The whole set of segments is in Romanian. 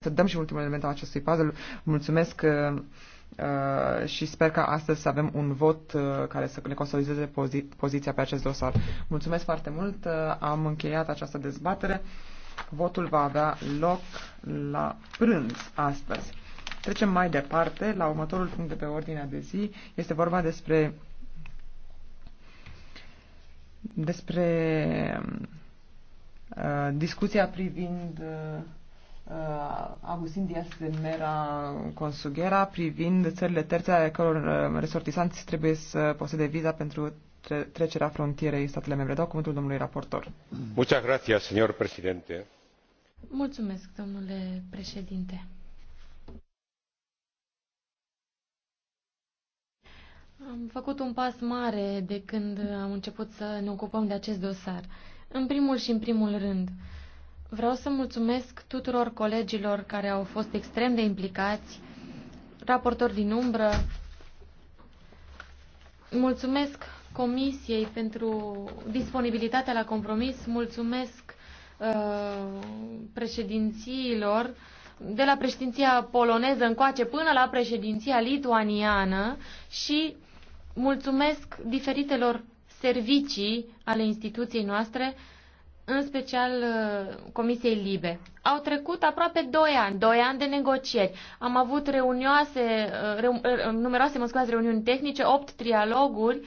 să dăm și ultimul element al acestui puzzle. Mulțumesc uh, uh, și sper că astăzi să avem un vot uh, care să ne consolideze pozi poziția pe acest dosar. Mulțumesc foarte mult, am încheiat această dezbatere. Votul va avea loc la prânz astăzi. Trecem mai departe la următorul punct de pe ordinea de zi. Este vorba despre despre uh, discuția privind uh, uh, Agustin Dias de Mera Consughera privind țările terțe ale căror uh, resortisanți trebuie să posede viza pentru tre trecerea frontierei statele membre. Dau cuvântul domnului raportor. Muchas gracias, señor presidente. Mulțumesc, domnule președinte. Am făcut un pas mare de când am început să ne ocupăm de acest dosar. În primul și în primul rând, uh, Vreau să mulțumesc tuturor colegilor care au fost extrem de implicați, raportori din umbră. Mulțumesc Comisiei pentru disponibilitatea la compromis, mulțumesc uh, președințiilor de la președinția poloneză încoace până la președinția lituaniană și mulțumesc diferitelor servicii ale instituției noastre uh, în special uh, Comisiei Libe. Au trecut aproape 2 ani, 2 ani de negocieri. Am avut reunioase, uh, reu, uh, numeroase, mă scuzați, reuniuni tehnice, 8 trialoguri,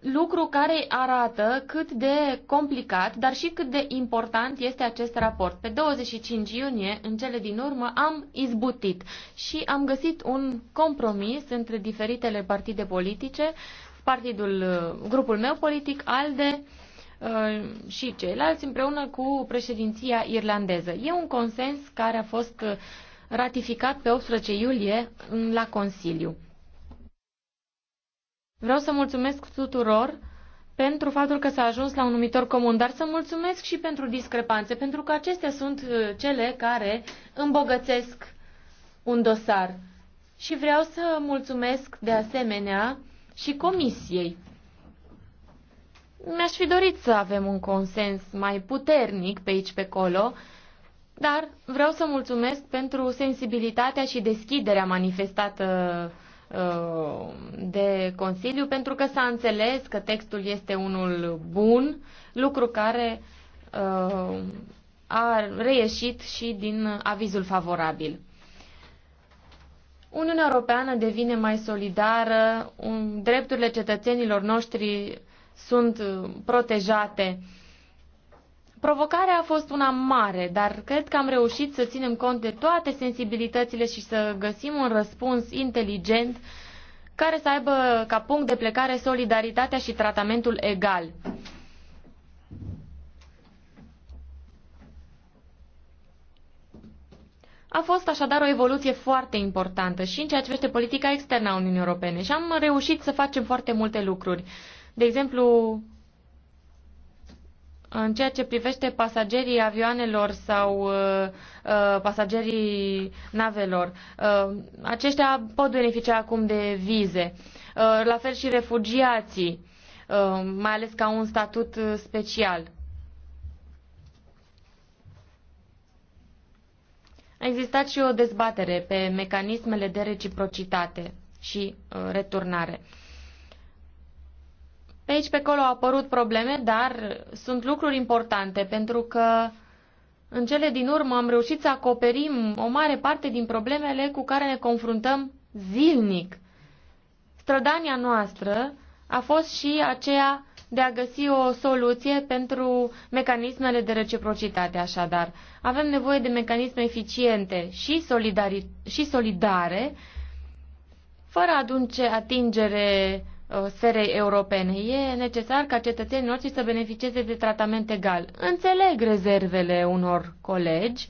lucru care arată cât de complicat, dar și cât de important este acest raport. Pe 25 iunie, în cele din urmă, am izbutit și am găsit un compromis între diferitele partide politice, partidul, grupul meu politic, ALDE, Uh, și ceilalți împreună cu președinția irlandeză. E un consens care a fost uh, ratificat pe 18 iulie la Consiliu. Vreau să mulțumesc tuturor pentru faptul că s-a ajuns la un numitor comun, dar să mulțumesc și pentru discrepanțe, pentru că acestea sunt uh, cele care îmbogățesc un dosar. Și vreau să mulțumesc de asemenea și comisiei mi-aș fi dorit să avem un consens mai puternic pe aici, pe acolo, dar vreau să mulțumesc pentru sensibilitatea și deschiderea manifestată uh, de Consiliu, pentru că s-a înțeles că textul este unul bun, lucru care uh, a reieșit și din avizul favorabil. Uniunea Europeană devine mai solidară, drepturile cetățenilor noștri sunt uh, protejate. Provocarea a fost una mare, dar cred că am reușit să ținem cont de toate sensibilitățile și să găsim un răspuns inteligent care să aibă ca punct de plecare solidaritatea și tratamentul egal. A fost așadar o evoluție foarte importantă și în ceea ce privește politica externă a Uniunii Europene și am reușit să facem foarte multe lucruri. De exemplu, în ceea ce privește pasagerii avioanelor sau uh, uh, pasagerii navelor, uh, aceștia pot beneficia acum de vize. Uh, la fel și refugiații, uh, mai ales ca un statut uh, special. A existat și o dezbatere pe mecanismele de reciprocitate și uh, returnare. Uh, pe aici, pe acolo au apărut probleme, dar sunt lucruri importante pentru că în cele din urmă am reușit să acoperim o mare parte din problemele cu care ne confruntăm zilnic. Strădania noastră a fost și aceea de a găsi o soluție pentru mecanismele de reciprocitate, așadar. Avem nevoie de mecanisme eficiente și, și solidare, fără a aduce atingere Uh, sferei europene. E necesar ca cetățenii noștri să beneficieze de tratament egal. Înțeleg rezervele unor colegi,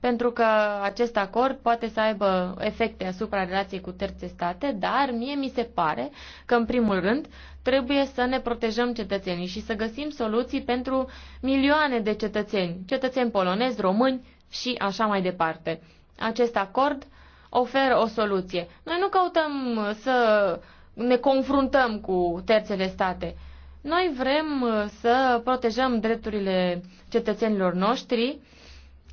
pentru că acest acord poate să aibă efecte asupra relației cu terțe state, dar mie mi se pare că, în primul rând, trebuie să ne protejăm cetățenii și să găsim soluții pentru milioane de cetățeni, cetățeni polonezi, români și așa mai departe. Acest acord oferă o soluție. Noi nu căutăm să ne confruntăm cu terțele state. Noi vrem uh, să protejăm drepturile cetățenilor noștri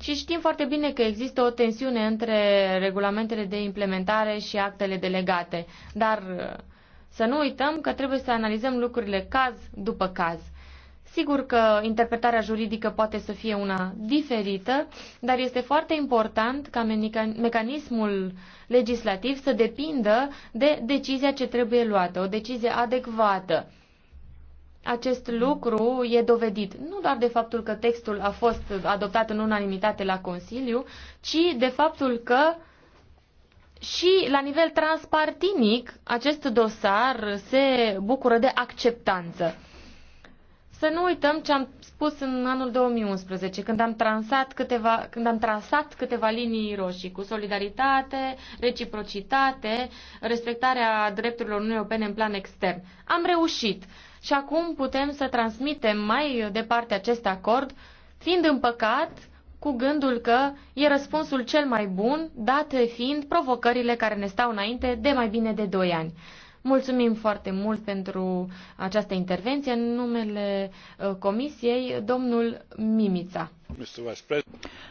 și știm foarte bine că există o tensiune între regulamentele de implementare și actele delegate. Dar uh, să nu uităm că trebuie să analizăm lucrurile caz după caz. Sigur că interpretarea juridică poate să fie una diferită, dar este foarte important ca mecanismul legislativ să depindă de decizia ce trebuie luată, o decizie adecvată. Acest lucru e dovedit nu doar de faptul că textul a fost adoptat în unanimitate la Consiliu, ci de faptul că și la nivel transpartinic acest dosar se bucură de acceptanță. Să nu uităm ce am spus în anul 2011, când am, transat câteva, când am trasat câteva linii roșii cu solidaritate, reciprocitate, respectarea drepturilor Uniunii Europene în plan extern. Am reușit și acum putem să transmitem mai departe acest acord, fiind împăcat cu gândul că e răspunsul cel mai bun, date fiind provocările care ne stau înainte de mai bine de 2 ani. Mulțumim foarte mult pentru această intervenție în numele uh, Comisiei, domnul Mimița.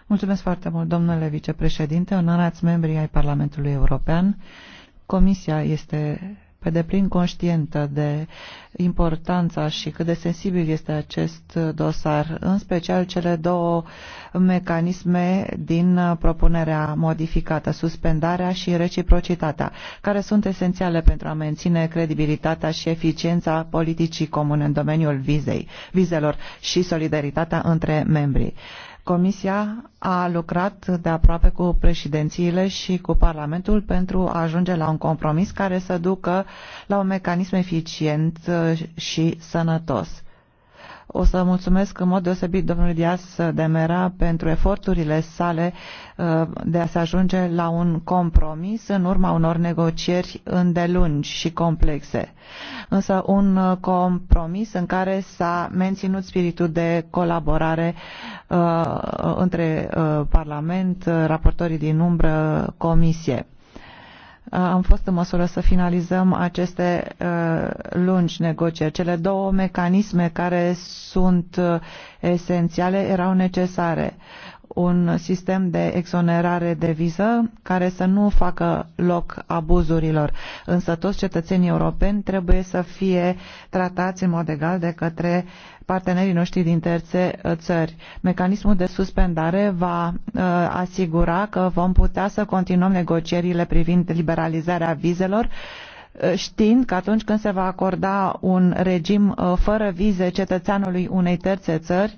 Mulțumesc foarte mult, domnule vicepreședinte, onorați membrii ai Parlamentului European. Comisia este pe deplin conștientă de importanța și cât de sensibil este acest dosar, în special cele două mecanisme din propunerea modificată, suspendarea și reciprocitatea, care sunt esențiale pentru a menține credibilitatea și eficiența politicii comune în domeniul vizei, vizelor și solidaritatea între membrii. Comisia a lucrat de aproape cu președințiile și cu Parlamentul pentru a ajunge la un compromis care să ducă la un mecanism eficient și sănătos. O să mulțumesc în mod deosebit domnului Dias de Mera pentru eforturile sale uh, de a se ajunge la un compromis în urma unor negocieri îndelungi și complexe. Însă un uh, compromis în care s-a menținut spiritul de colaborare uh, între Parlament, raportorii din umbră, Comisie Uh, am fost în măsură să finalizăm aceste uh, lungi negocieri. Cele două mecanisme care sunt uh, esențiale erau necesare un sistem de exonerare de viză care să nu facă loc abuzurilor. Însă toți cetățenii europeni trebuie să fie tratați în mod egal de către partenerii noștri din terțe uh, țări. Mecanismul de suspendare va uh, asigura că vom putea să continuăm negocierile privind liberalizarea vizelor Uh, știind că atunci când se va acorda un regim uh, fără vize cetățeanului unei terțe țări,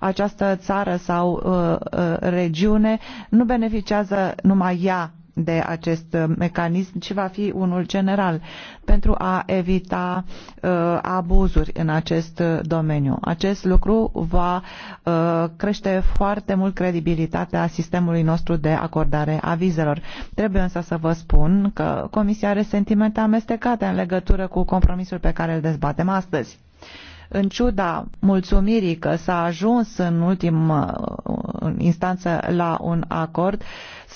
această țară sau uh, regiune nu beneficiază numai ea de acest uh, mecanism, ci va fi unul general pentru a evita uh, abuzuri în acest uh, domeniu. Acest lucru va uh, crește foarte mult credibilitatea sistemului nostru de acordare a vizelor. Trebuie însă să vă spun că Comisia are sentimente amestecate în legătură cu compromisul pe care îl dezbatem astăzi în ciuda mulțumirii că s-a ajuns în ultimă uh, instanță la un acord,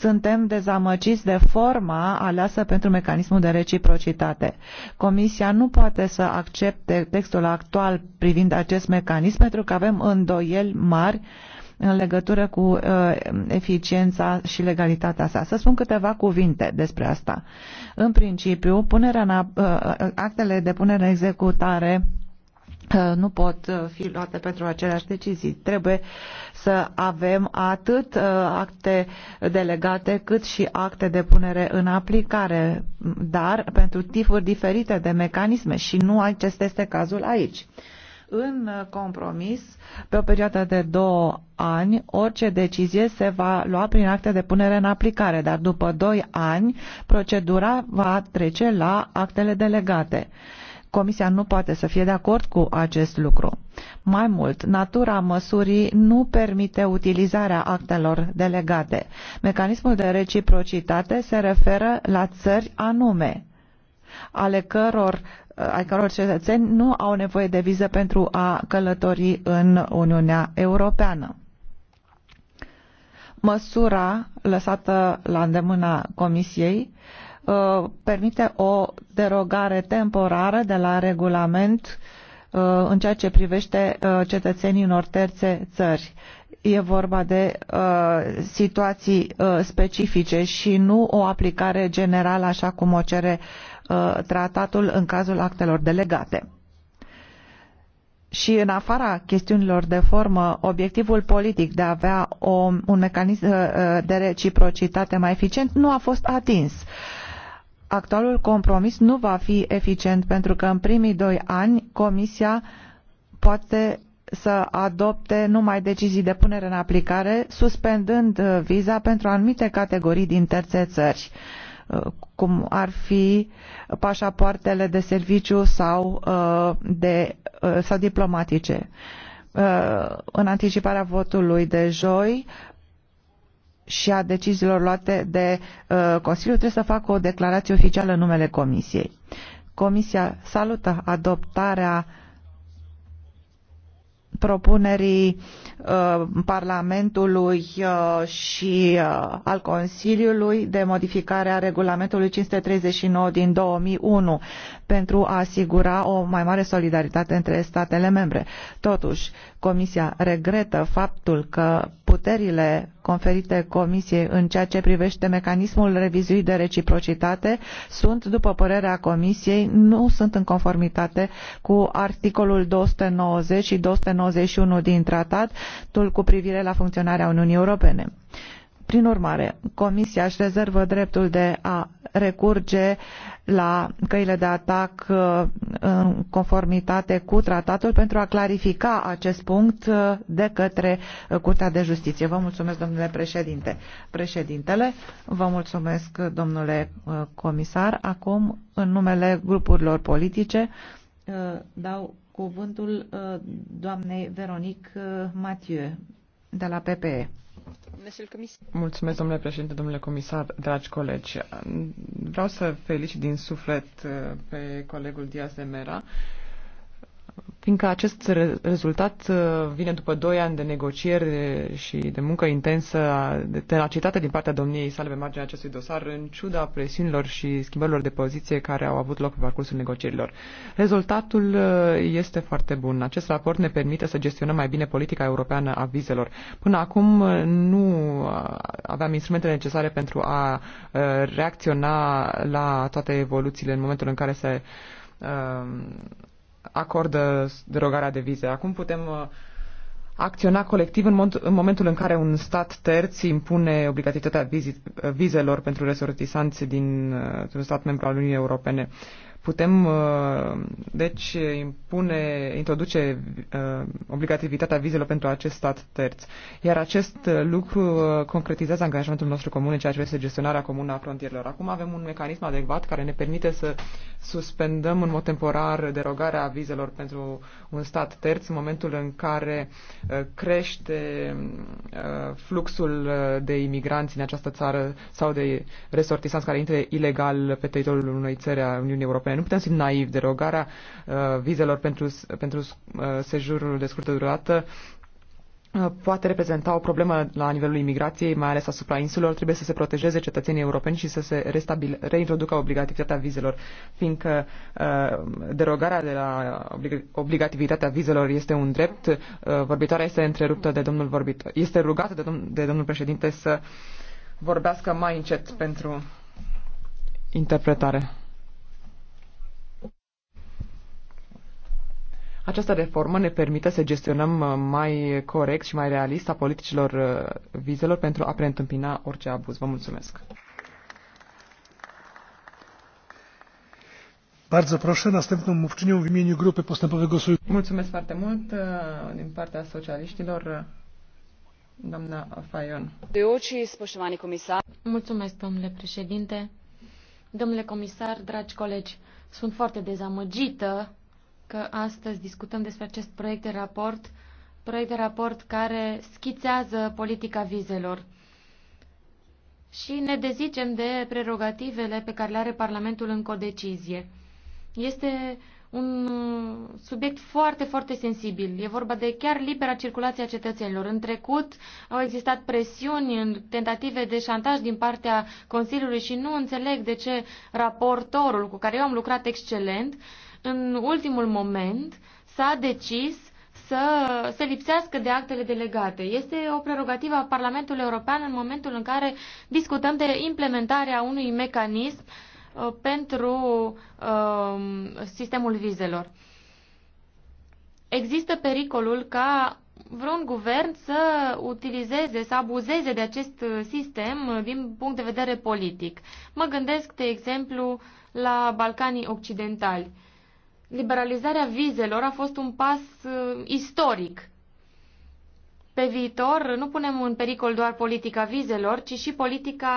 suntem dezamăgiți de forma aleasă pentru mecanismul de reciprocitate. Comisia nu poate să accepte textul actual privind acest mecanism pentru că avem îndoieli mari în legătură cu uh, eficiența și legalitatea sa. Să spun câteva cuvinte despre asta. În principiu, punerea în, uh, uh, actele de punere în executare Uh, nu pot uh, fi luate pentru aceleași decizii. Trebuie să avem atât uh, acte delegate cât și acte de punere în aplicare, dar pentru tipuri diferite de mecanisme și nu acesta este cazul aici. În compromis, pe o perioadă de două ani, orice decizie se va lua prin acte de punere în aplicare, dar după doi ani, procedura va trece la actele delegate. Uh, Comisia nu poate să fie de acord cu acest lucru. Mai mult, natura măsurii nu permite utilizarea actelor delegate. Mecanismul de reciprocitate se referă la țări anume, ale căror ai căror cetățeni nu au nevoie de viză pentru a călători în Uniunea Europeană. Măsura lăsată la îndemâna Comisiei uh, Uh, permite o derogare temporară de la regulament uh, în ceea ce privește uh, cetățenii unor terțe țări. E vorba de situații specifice și nu o aplicare generală așa cum o cere tratatul în cazul actelor delegate. Și în afara chestiunilor de formă, obiectivul politic de a avea o, un mecanism de reciprocitate mai eficient nu a fost atins. Uh, actualul compromis nu va fi eficient pentru că în primii doi ani Comisia poate să adopte numai decizii de punere în aplicare, suspendând uh, viza pentru anumite categorii din terțe țări, uh, cum ar fi pașapoartele de serviciu sau, uh, de, sau diplomatice. În anticiparea votului de joi, și a deciziilor luate de uh, Consiliu, trebuie să facă o declarație oficială în numele Comisiei. Comisia salută adoptarea propunerii uh, Parlamentului uh, și uh, al Consiliului de modificare a regulamentului 539 din 2001 pentru a asigura o mai mare solidaritate între statele membre. Totuși, Comisia regretă faptul că puterile conferite Comisiei în ceea ce privește mecanismul revizuit de reciprocitate sunt, după părerea Comisiei, nu sunt în conformitate cu articolul 290 și 291 din tratatul cu privire la funcționarea Uniunii Europene. Prin urmare, Comisia își rezervă dreptul de a recurge la căile de atac uh, în conformitate cu tratatul pentru a clarifica acest punct uh, de către uh, Curtea de Justiție. Vă mulțumesc, domnule președinte. Președintele, vă mulțumesc, domnule comisar. Acum, în numele grupurilor politice, dau cuvântul doamnei Veronique Mathieu de la PPE. Mulțumesc, domnule președinte, domnule comisar, dragi colegi. Vreau să felicit din suflet uh, pe colegul Diaz de Mera fiindcă acest rezultat uh, vine după doi ani de negocieri uh, și de muncă intensă, uh, de tenacitate din partea domniei sale pe marginea acestui dosar, în ciuda presiunilor și schimbărilor de poziție care au avut loc pe parcursul negocierilor. Rezultatul este foarte bun. Acest raport ne permite să gestionăm mai bine politica europeană a vizelor. Până acum nu aveam instrumentele necesare pentru a reacționa la toate evoluțiile în momentul în care se acordă derogarea de vize. Acum putem uh, acționa colectiv în, mod, în momentul în care un stat terț impune obligativitatea vizit, vizelor pentru resortisanți din uh, un stat membru al Uniunii Europene. Putem, uh, deci, impune, introduce uh, obligativitatea vizelor pentru acest stat terț. Iar acest uh, lucru concretizează angajamentul nostru comun în ceea ce este gestionarea comună a frontierelor. Acum avem un mecanism adecvat care ne permite să suspendăm în mod temporar derogarea vizelor pentru un stat terț în momentul în care crește fluxul de imigranți în această țară sau de resortisanți care intră ilegal pe teritoriul unei țări a Uniunii Europene Europene. Nu putem să fim naivi. Derogarea uh, vizelor pentru, pentru uh, sejurul de scurtă durată uh, poate reprezenta o problemă la nivelul imigrației, mai ales asupra insulelor. Trebuie să se protejeze cetățenii europeni și să se restabil, reintroducă obligativitatea vizelor, fiindcă uh, derogarea de la oblig, obligativitatea vizelor este un drept. Uh, vorbitoarea este întreruptă de domnul vorbitor. Este rugată de, domn- de domnul președinte să vorbească mai încet pentru interpretare. Această reformă ne permite să gestionăm uh, mai corect și mai realist a politicilor uh, vizelor pentru a preîntâmpina orice abuz. Vă mulțumesc! Bardzo proszę, następną mówczynią w imieniu Grupy Postępowego Sojuszu. Mulțumesc foarte mult uh, din partea socialiștilor, doamna Fajon. Mulțumesc, domnule președinte. Domnule comisar, dragi colegi, sunt foarte dezamăgită că astăzi discutăm despre acest proiect de raport, proiect de raport care schițează politica vizelor. Și ne dezicem de prerogativele pe care le are Parlamentul în codecizie. Este un subiect foarte, foarte sensibil. E vorba de chiar libera circulație a cetățenilor. În trecut au existat presiuni, tentative de șantaj din partea Consiliului și nu înțeleg de ce raportorul cu care eu am lucrat excelent în ultimul moment s-a decis să se lipsească de actele delegate. Este o prerogativă a Parlamentului European în momentul în care discutăm de implementarea unui mecanism uh, pentru um, sistemul vizelor. Există pericolul ca vreun guvern să utilizeze, să abuzeze de acest sistem uh, din punct de vedere politic. Mă gândesc, de exemplu, la Balcanii Occidentali liberalizarea vizelor a fost un pas uh, istoric. Pe viitor nu punem în pericol doar politica vizelor, ci și politica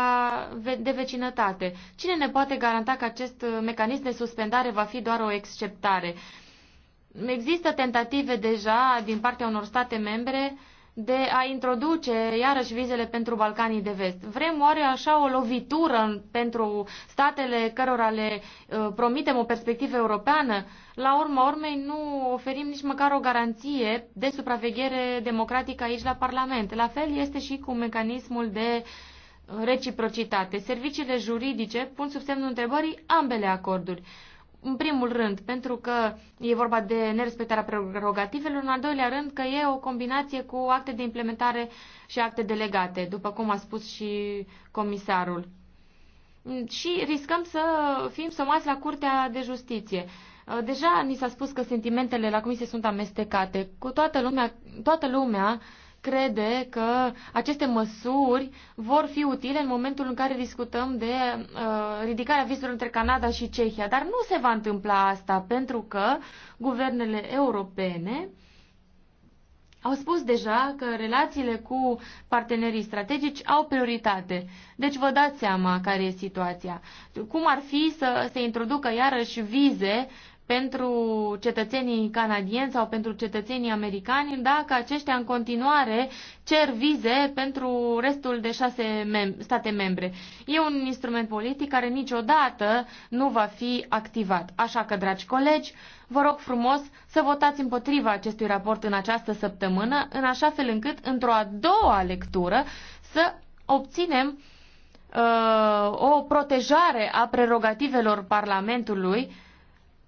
de vecinătate. Cine ne poate garanta că acest uh, mecanism de suspendare va fi doar o exceptare? Există tentative deja din partea unor state membre uh, de a introduce iarăși vizele pentru Balcanii de Vest. Vrem oare așa o lovitură pentru statele cărora le uh, promitem o perspectivă europeană? La urma urmei nu oferim nici măcar o garanție de supraveghere democratică aici la Parlament. La fel este și cu mecanismul de reciprocitate. Serviciile juridice pun sub semnul întrebării ambele acorduri în primul rând, pentru că e vorba de nerespectarea prerogativelor, în al doilea rând că e o combinație cu acte de implementare și acte delegate, după cum a spus și comisarul. Și riscăm să fim somați la Curtea de Justiție. Deja ni s-a spus că sentimentele la comisie sunt amestecate. Cu toată lumea, toată lumea uh, crede că aceste măsuri vor fi utile în momentul în care discutăm de uh, ridicarea vizelor între Canada și Cehia. Dar nu se va întâmpla asta pentru că guvernele europene au spus deja că relațiile cu partenerii strategici au prioritate. Deci vă dați seama care e situația. Cum ar fi să se introducă iarăși vize pentru cetățenii canadieni sau pentru cetățenii americani dacă aceștia în continuare cer vize pentru restul de șase mem- state membre. E un instrument politic care niciodată nu va fi activat. Așa că, dragi colegi, vă rog frumos să votați împotriva acestui raport în această săptămână, în așa fel încât, într-o a doua lectură, să obținem uh, o protejare a prerogativelor Parlamentului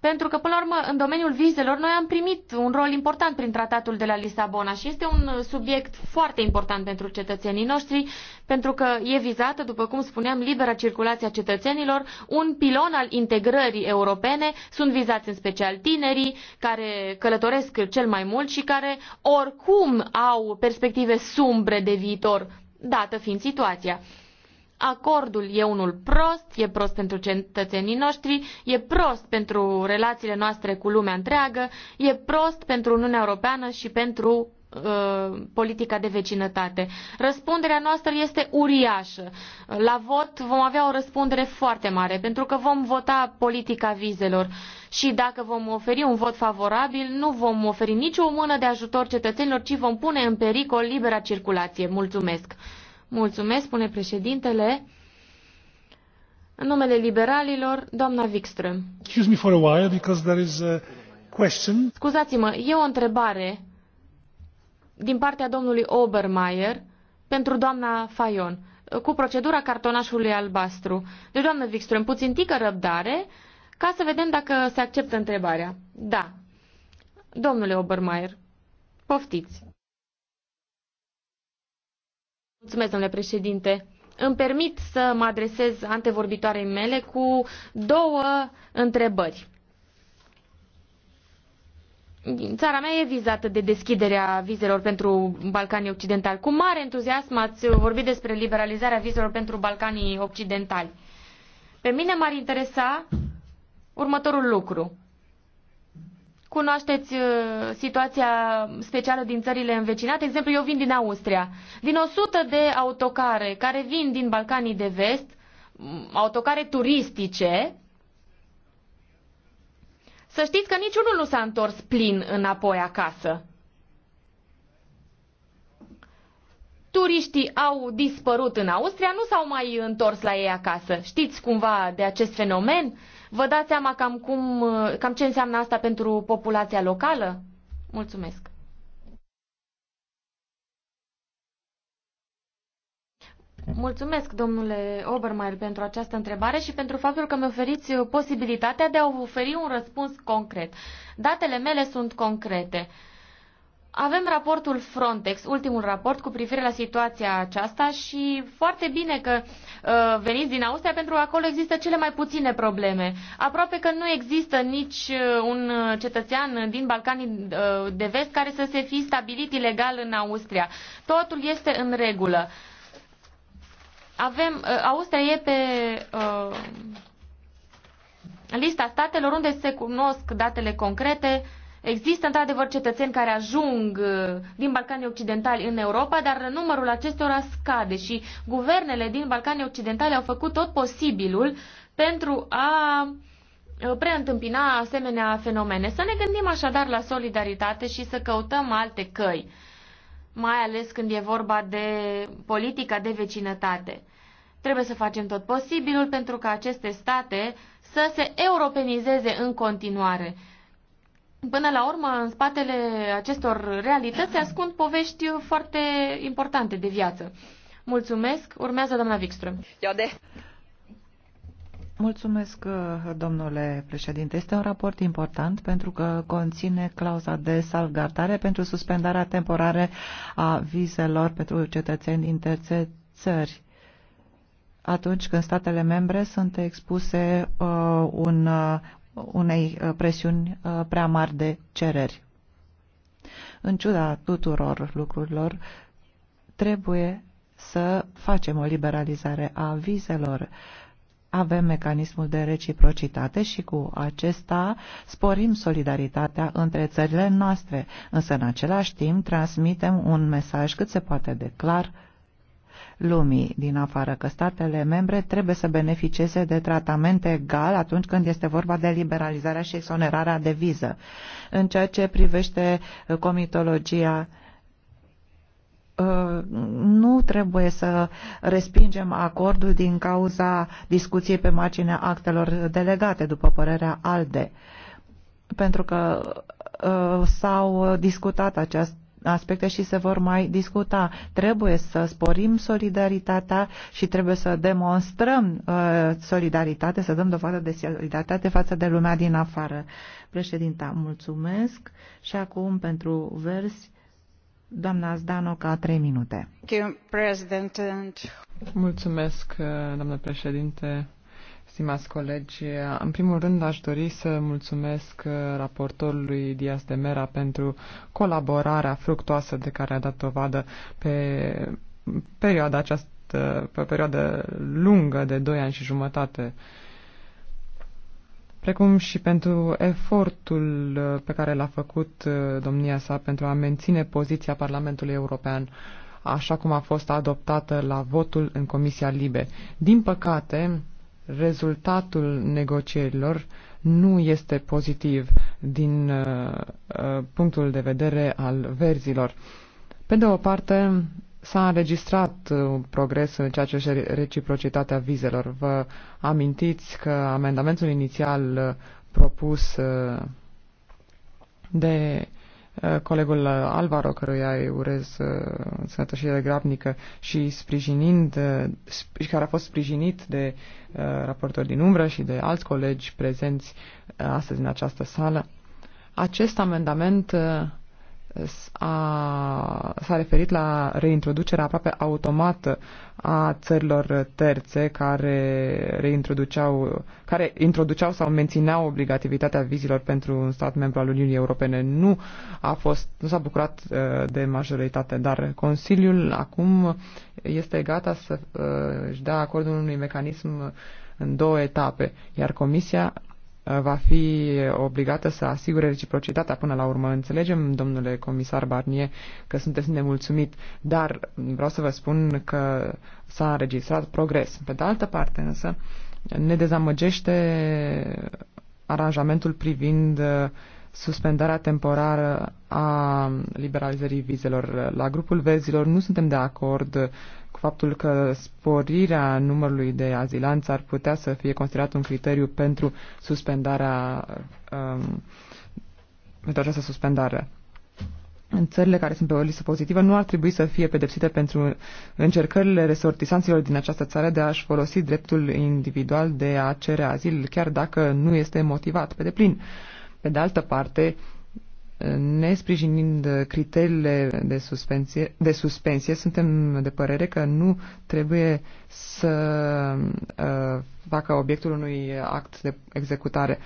pentru că, până la urmă, în domeniul vizelor, noi am primit un rol important prin tratatul de la Lisabona și este un subiect foarte important pentru cetățenii noștri, pentru că e vizată, după cum spuneam, libera circulație a cetățenilor, un pilon al integrării europene. Sunt vizați în special tinerii care călătoresc cel mai mult și care oricum au perspective sumbre de viitor, dată fiind situația. Acordul e unul prost, e prost pentru cetățenii noștri, e prost pentru relațiile noastre cu lumea întreagă, e prost pentru Uniunea Europeană și pentru uh, politica de vecinătate. Răspunderea noastră este uriașă. La vot vom avea o răspundere foarte mare, pentru că vom vota politica vizelor și dacă vom oferi un vot favorabil, nu vom oferi nicio mână de ajutor cetățenilor, ci vom pune în pericol libera circulație. Mulțumesc! Mulțumesc, spune președintele. În numele liberalilor, doamna Wikström. Excuse me for a while because there is a question. Scuzați-mă, e o întrebare din partea domnului Obermeier pentru doamna Fayon cu procedura cartonașului albastru. Deci, doamnă Wikström, puțin tică răbdare ca să vedem dacă se acceptă întrebarea. Da. Domnule Obermeier, poftiți. Mulțumesc, domnule președinte. Îmi permit să mă adresez antevorbitoarei mele cu două întrebări. Țara mea e vizată de deschiderea vizelor pentru Balcanii Occidentali. Cu mare entuziasm ați vorbit despre liberalizarea vizelor pentru Balcanii Occidentali. Pe mine m-ar interesa următorul lucru. Cunoașteți uh, situația specială din țările învecinate? De exemplu, eu vin din Austria. Din 100 de autocare care vin din Balcanii de Vest, mm, autocare turistice, să știți că niciunul nu s-a întors plin înapoi acasă. Turiștii au dispărut în Austria, nu s-au mai întors la ei acasă. Știți cumva de acest fenomen? Vă dați seama cam, cum, cam ce înseamnă asta pentru populația locală? Mulțumesc! Mulțumesc, domnule Obermeier, pentru această întrebare și pentru faptul că mi oferiți posibilitatea de a oferi un răspuns concret. Datele mele sunt concrete. Uh, avem raportul Frontex, ultimul raport cu privire la situația aceasta și foarte bine că uh, veniți din Austria pentru că acolo există cele mai puține probleme. Aproape că nu există nici uh, un cetățean din Balcanii uh, de vest care să se fi stabilit ilegal în Austria. Totul este în regulă. Avem, uh, Austria e pe uh, lista statelor unde se cunosc datele concrete uh, Există într-adevăr cetățeni care ajung uh, din Balcanii Occidentali în Europa, dar numărul acestora scade și guvernele din Balcanii Occidentali au făcut tot posibilul pentru a uh, preîntâmpina asemenea fenomene. Să ne gândim așadar la solidaritate și să căutăm alte căi, mai ales când e vorba de politica de vecinătate. Trebuie să facem tot posibilul pentru ca aceste state să se europenizeze în continuare Până la urmă, în spatele acestor realități se ascund povești foarte importante de viață. Mulțumesc. Urmează doamna Wikström. Mulțumesc, uh, domnule președinte. Este un raport important pentru că conține clauza de salvgardare pentru suspendarea temporară a vizelor pentru cetățeni din terțe țări atunci când statele membre sunt expuse uh, un, uh, unei uh, presiuni uh, prea mari de cereri. În ciuda tuturor lucrurilor, trebuie să facem o liberalizare a vizelor. Avem mecanismul de reciprocitate și cu acesta sporim solidaritatea între țările noastre, însă în același timp transmitem un mesaj cât se poate de clar lumii din afară, că statele membre trebuie să beneficieze de tratament egal atunci când este vorba de liberalizarea și exonerarea de viză. În ceea ce privește uh, comitologia, uh, nu trebuie să respingem acordul din cauza discuției pe marginea actelor delegate, după părerea ALDE, pentru că uh, s-au discutat această aspecte și se vor mai discuta. Trebuie să sporim solidaritatea și trebuie să demonstrăm uh, solidaritate, să dăm dovadă de solidaritate față de lumea din afară. Președinta, mulțumesc și acum pentru vers doamna ca trei minute. Mulțumesc, uh, doamnă președinte. Stimați colegi, în primul rând aș dori să mulțumesc uh, raportorului Dias de Mera pentru colaborarea fructoasă de care a dat dovadă pe perioada această, pe perioadă lungă de 2 ani și jumătate precum și pentru efortul uh, pe care l-a făcut uh, domnia sa pentru a menține poziția Parlamentului European așa cum a fost adoptată la votul în Comisia Libe. Din păcate, rezultatul negocierilor nu este pozitiv din uh, uh, punctul de vedere al verzilor. Pe de o parte, s-a înregistrat uh, un progres în ceea ce reciprocitatea vizelor. Vă amintiți că amendamentul inițial uh, propus de Eh, colegul eh, Alvaro, căruia îi urez eh, sănătoșire grabnică și sprijinind, și care a fost sprijinit de raportori din umbră și de alți colegi prezenți astăzi în această sală. Acest amendament s-a referit la reintroducerea aproape automată a țărilor terțe care reintroduceau, care introduceau sau mențineau obligativitatea vizilor pentru un stat membru al Uniunii Europene. Nu a fost, nu s-a bucurat uh, de majoritate, dar Consiliul acum este gata să uh, își dea acordul unui mecanism în două etape, iar Comisia va fi obligată să asigure reciprocitatea până la urmă. Înțelegem, domnule comisar Barnier, că sunteți nemulțumit, dar vreau să vă spun că s-a înregistrat progres. Pe de altă parte, însă, ne dezamăgește aranjamentul privind uh, suspendarea temporară a liberalizării vizelor. La grupul vezilor, nu suntem de acord faptul că sporirea numărului de azilanți ar putea să fie considerat un criteriu pentru suspendarea um, pentru această suspendare. În țările care sunt pe o listă pozitivă nu ar trebui să fie pedepsite pentru încercările resortisanților din această țară de a-și folosi dreptul individual de a cere azil, chiar dacă nu este motivat pe deplin. Pe de altă parte, ne criteriile de suspensie, de suspensie, suntem de părere că nu trebuie să uh, facă obiectul unui act de executare.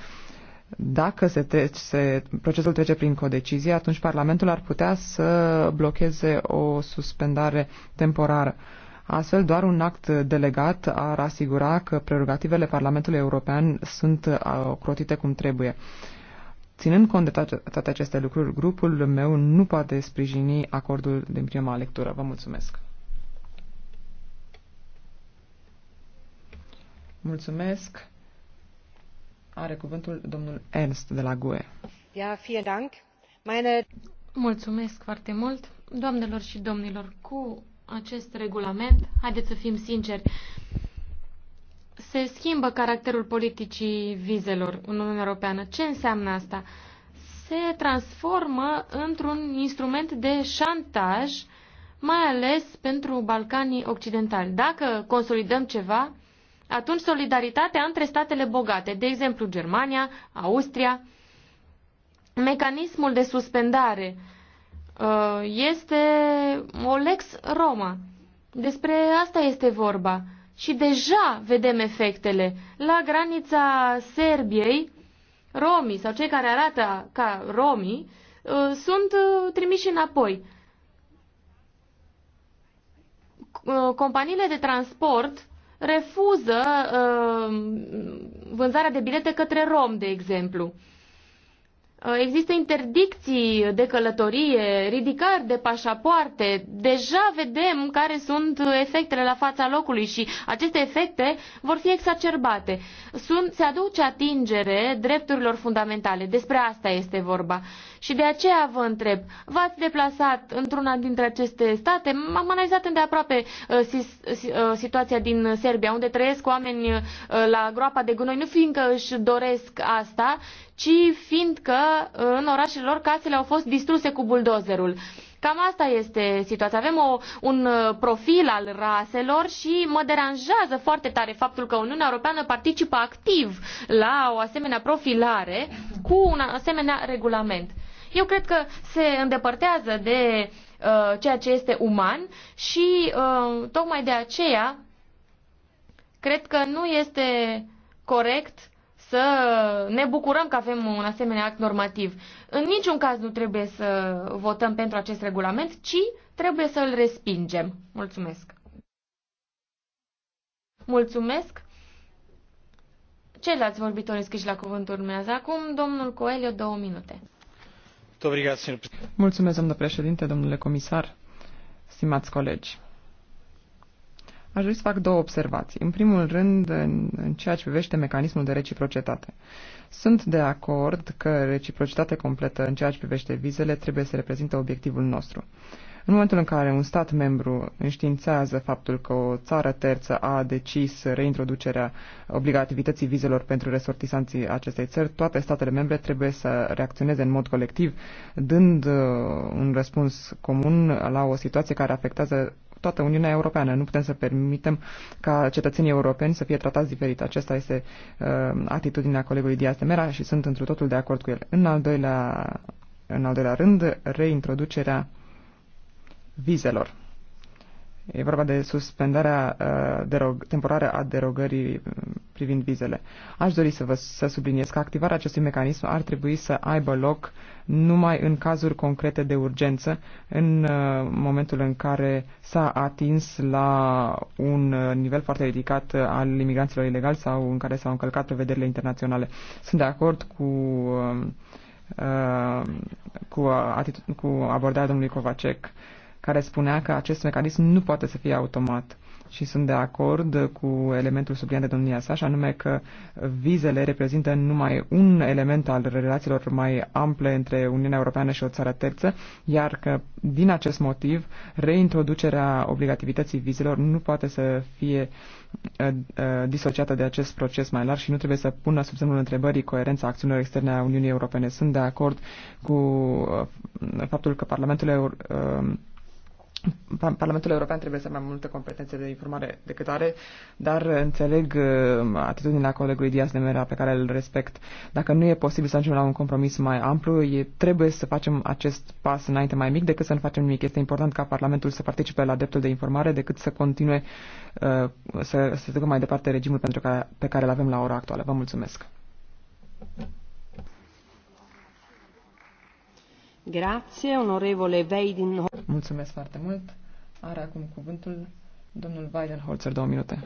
Dacă se trece, se, procesul trece prin codecizie, atunci Parlamentul ar putea să blocheze o suspendare temporară. Astfel, doar un act delegat ar asigura că prerogativele Parlamentului European sunt uh, ocrotite cum trebuie. Uh, Ținând cont de toate, aceste lucruri, grupul meu nu poate sprijini acordul din prima lectură. Vă mulțumesc! Mulțumesc! Are cuvântul domnul Ernst de la GUE. Ja, vielen Dank. Meine... Mulțumesc foarte mult! Doamnelor și domnilor, cu acest regulament, haideți să fim sinceri, se schimbă caracterul politicii vizelor în Uniunea Europeană. Ce înseamnă asta? Se transformă într-un instrument de șantaj, mai ales pentru Balcanii Occidentali. Dacă consolidăm ceva, atunci solidaritatea între statele bogate, de exemplu Germania, Austria, mecanismul de suspendare uh, este o lex Roma. Despre asta este vorba și deja vedem efectele. La granița Serbiei, romii sau cei care arată ca romii uh, sunt uh, trimiși înapoi. Uh, companiile de transport refuză vânzarea de bilete către rom, de exemplu. Uh, există interdicții de călătorie, ridicări de pașapoarte. Deja vedem care sunt efectele la fața locului și aceste efecte vor fi exacerbate. Sunt, se aduce atingere drepturilor fundamentale. Despre asta este vorba. Și de aceea vă întreb, v-ați deplasat într-una dintre aceste state? Am analizat îndeaproape uh, uh, situația din Serbia, unde trăiesc oameni uh, la groapa de gunoi, nu fiindcă își doresc asta, ci fiindcă în orașele lor casele au fost distruse cu buldozerul. Cam asta este situația. Avem o, un uh, profil al raselor și mă deranjează foarte tare faptul că Uniunea Europeană participă activ la o asemenea profilare cu un asemenea regulament. Eu cred că se îndepărtează de uh, ceea ce este uman și uh, tocmai de aceea cred că nu este corect să ne bucurăm că avem un asemenea act normativ. În niciun caz nu trebuie să votăm pentru acest regulament, ci trebuie să îl respingem. Mulțumesc! Mulțumesc! Ceilalți vorbitori înscriși la cuvântul urmează acum, domnul Coelho, două minute. Mulțumesc, domnule președinte, domnule comisar, stimați colegi. Aș vrea să fac două observații. În primul rând, în, în ceea ce privește mecanismul de reciprocitate. Sunt de acord că reciprocitatea completă în ceea ce privește vizele trebuie să reprezintă obiectivul nostru. În momentul în care un stat membru înștiințează faptul că o țară terță a decis reintroducerea obligativității vizelor pentru resortisanții acestei țări, toate statele membre trebuie să reacționeze în mod colectiv, dând uh, un răspuns comun la o situație care afectează toată Uniunea Europeană. Nu putem să permitem ca cetățenii europeni să fie tratați diferit. Aceasta este uh, atitudinea colegului Diaz de Mera și sunt într totul de acord cu el. În al doilea, în al doilea rând, reintroducerea vizelor. E vorba de suspendarea uh, derog, temporară a derogării uh, privind vizele. Aș dori să vă să subliniez că activarea acestui mecanism ar trebui să aibă loc numai în cazuri concrete de urgență, în uh, momentul în care s-a atins la un uh, nivel foarte ridicat uh, al imigranților ilegali sau în care s-au încălcat prevederile internaționale. Sunt de acord cu uh, uh cu, atitud- cu abordarea domnului Kovacek care spunea că acest mecanism nu poate să fie automat. Și sunt de acord cu elementul subliniat de domnia sa, și anume că vizele reprezintă numai un element al relațiilor mai ample între Uniunea Europeană și o țară terță, iar că din acest motiv reintroducerea obligativității vizelor nu poate să fie uh, uh, disociată de acest proces mai larg și nu trebuie să pună sub semnul întrebării coerența acțiunilor externe a Uniunii Europene. Sunt de acord cu uh, faptul că Parlamentul Parlamentul European trebuie să aibă mai multe competențe de informare decât are, dar înțeleg uh, atitudinea colegului Diaz de Mera pe care îl respect. Dacă nu e posibil să ajungem la un compromis mai amplu, e, trebuie să facem acest pas înainte mai mic decât să nu facem nimic. Este important ca Parlamentul să participe la dreptul de informare decât să continue uh, să, să ducă mai departe regimul pentru care, pe care îl avem la ora actuală. Vă mulțumesc! Grazie, onorevole Mulțumesc foarte mult. Are acum cuvântul domnul Weidenholzer, două minute.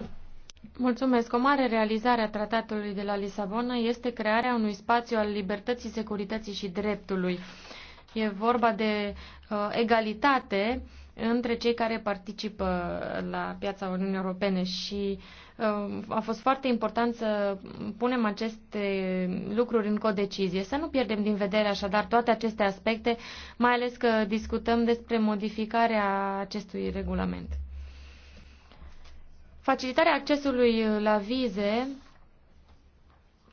Mulțumesc. O mare realizare a tratatului de la Lisabona este crearea unui spațiu al libertății, securității și dreptului. E vorba de uh, egalitate uh, între cei care participă la piața Uniunii Europene și uh, a fost foarte important să punem aceste lucruri în codecizie, să nu pierdem din vedere așadar toate aceste aspecte, mai ales că discutăm despre modificarea acestui regulament. Facilitarea accesului la vize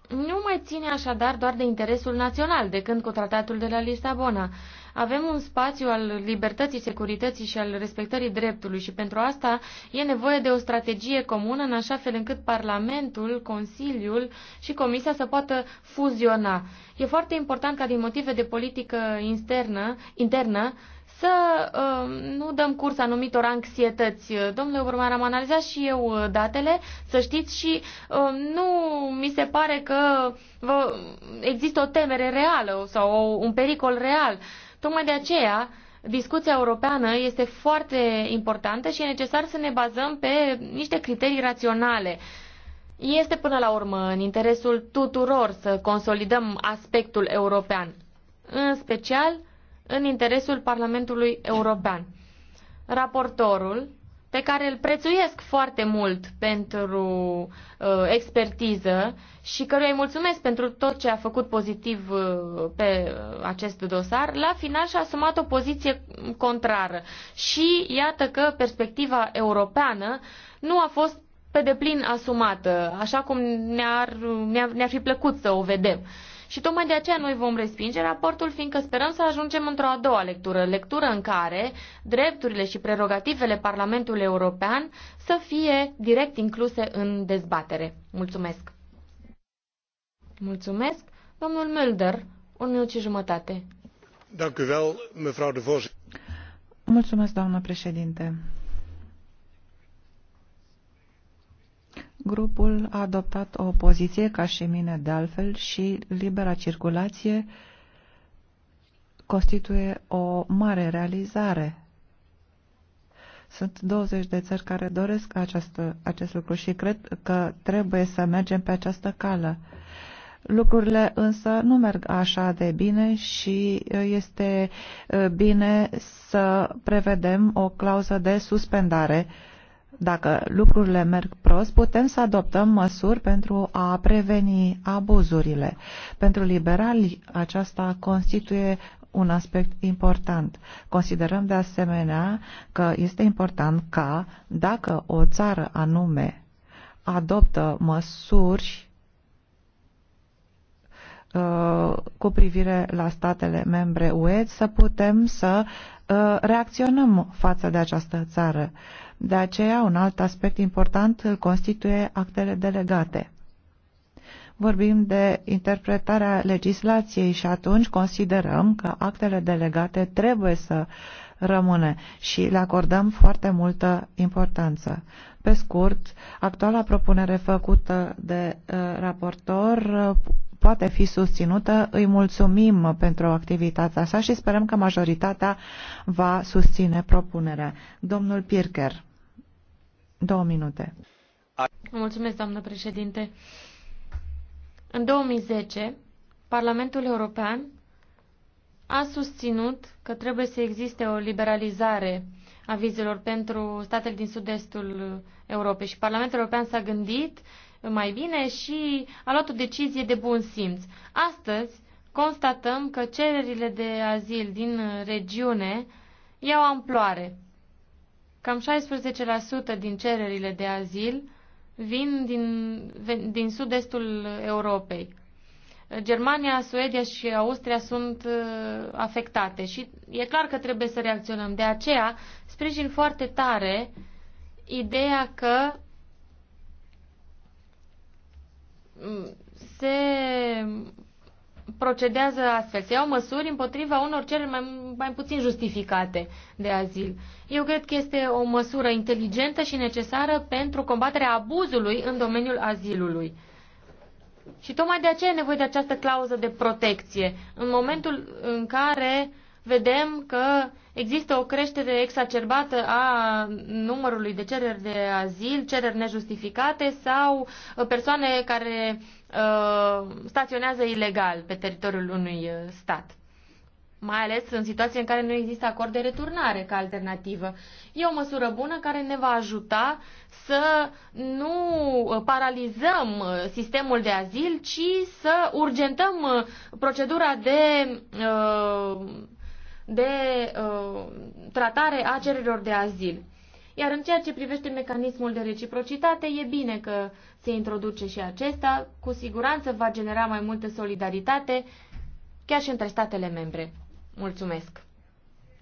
nu mai ține așadar doar de interesul național de când cu tratatul de la Lisabona. Avem un spațiu al libertății, securității și al respectării dreptului și pentru asta e nevoie de o strategie comună în așa fel încât Parlamentul, Consiliul și Comisia să poată fuziona. E foarte important ca din motive de politică internă, internă să uh, nu dăm curs anumitor anxietăți. Domnule Oberman, am analizat și eu uh, datele, să știți, și uh, nu mi se pare că vă, există o temere reală sau o, un pericol real. Uh, Tocmai de aceea, discuția europeană este foarte importantă și e necesar să ne bazăm pe niște criterii raționale. Este până la urmă în interesul tuturor să consolidăm aspectul european, în special în interesul Parlamentului European. Raportorul pe care îl prețuiesc foarte mult pentru uh, expertiză și căruia îi mulțumesc pentru tot ce a făcut pozitiv uh, pe acest dosar, la final și-a asumat o poziție contrară. Și iată că perspectiva europeană nu a fost pe deplin asumată, așa cum ne-ar, ne-ar, ne-ar fi plăcut să o vedem. Uh, și tocmai de aceea noi vom respinge raportul, fiindcă sperăm să ajungem într-o a doua lectură, lectură în care drepturile și prerogativele Parlamentului European să fie direct incluse în dezbatere. Mulțumesc! Mulțumesc! Domnul Mulder, un minut și jumătate. Mulțumesc, doamnă președinte. Grupul a adoptat o poziție, ca și mine de altfel, și libera circulație constituie o mare realizare. Sunt 20 de țări care doresc această, acest lucru și cred că trebuie să mergem pe această cală. Lucrurile însă nu merg așa de bine și este bine să prevedem o clauză de suspendare dacă lucrurile merg prost, putem să adoptăm măsuri pentru a preveni abuzurile. Pentru liberali, aceasta constituie un aspect important. Considerăm de asemenea că este important ca, dacă o țară anume adoptă măsuri uh, cu privire la statele membre UE să putem să uh, reacționăm față de această țară. De aceea, un alt aspect important îl constituie actele delegate. Vorbim de interpretarea legislației și atunci considerăm că actele delegate trebuie să rămâne și le acordăm foarte multă importanță. Pe scurt, actuala propunere făcută de uh, raportor uh, poate fi susținută. Îi mulțumim pentru activitatea sa și sperăm că majoritatea va susține propunerea. Domnul Pirker. Două minute. Mulțumesc, doamnă președinte. În 2010, Parlamentul European a susținut că trebuie să existe o liberalizare a vizelor pentru statele din sud-estul Europei și Parlamentul European s-a gândit mai bine și a luat o decizie de bun simț. Astăzi constatăm că cererile de azil din regiune iau amploare. Cam 16% din cererile de azil vin din, din sud-estul Europei. Germania, Suedia și Austria sunt uh, afectate și e clar că trebuie să reacționăm. De aceea, sprijin foarte tare ideea că mm, se procedează astfel, se iau măsuri împotriva unor cereri mai, mai puțin justificate de azil. Eu cred că este o măsură inteligentă și necesară pentru combaterea abuzului în domeniul azilului. Și tocmai de aceea e nevoie de această clauză de protecție. În momentul în care uh, vedem că există o creștere exacerbată a numărului de cereri de azil, cereri nejustificate sau persoane care uh, staționează ilegal pe teritoriul unui uh, stat mai ales în situații în care nu există acord de returnare ca alternativă. E o măsură bună care ne va ajuta să nu uh, paralizăm uh, sistemul de azil, ci să urgentăm procedura de uh, de uh, tratare a cererilor de azil. Iar în ceea ce privește mecanismul de reciprocitate, e bine că se introduce și acesta. Cu siguranță va genera mai multă solidaritate chiar și între statele membre. Mulțumesc!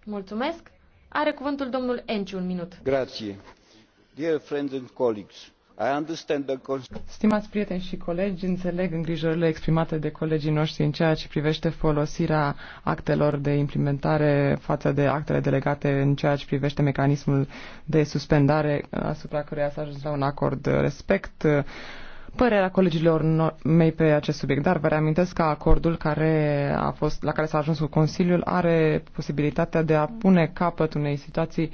Mulțumesc! Are cuvântul domnul Enciu un minut. Grație. Dear friends and colleagues, Stimați prieteni și colegi, înțeleg îngrijorările exprimate de colegii noștri în ceea ce privește folosirea actelor de implementare față de actele delegate în ceea ce privește mecanismul de suspendare uh, asupra căruia s-a ajuns la un acord. Respect părerea colegilor mei pe acest subiect, dar vă reamintesc că acordul care a fost, la care s-a ajuns cu Consiliul are posibilitatea de a pune capăt unei situații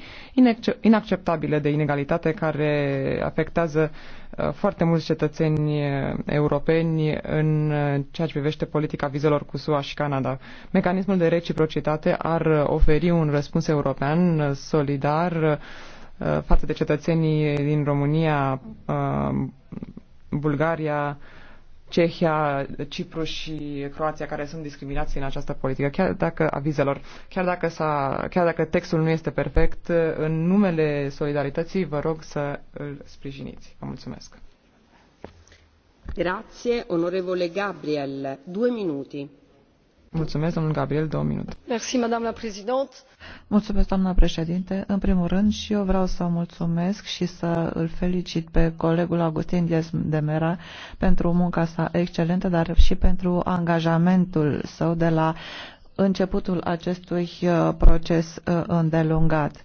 inacceptabile de inegalitate care afectează uh, foarte mulți cetățeni uh, europeni în uh, ceea ce privește politica vizelor cu SUA și Canada. Mecanismul de reciprocitate ar oferi un răspuns european solidar față de cetățenii din România Bulgaria, Cehia, Cipru și Croația care sunt discriminați în această politică, chiar dacă avizelor, chiar dacă, s-a, chiar dacă textul nu este perfect, în numele solidarității vă rog să îl sprijiniți. Vă mulțumesc. Grazie, onorevole Gabriel. Due minuti. Mulțumesc, domnul Gabriel, două minute. Merci, madame la Mulțumesc, doamna președinte. În primul rând și eu vreau să mulțumesc și să îl felicit pe colegul Augustin Diaz de Mera pentru munca sa excelentă, dar și pentru angajamentul său de la începutul acestui uh, proces uh, îndelungat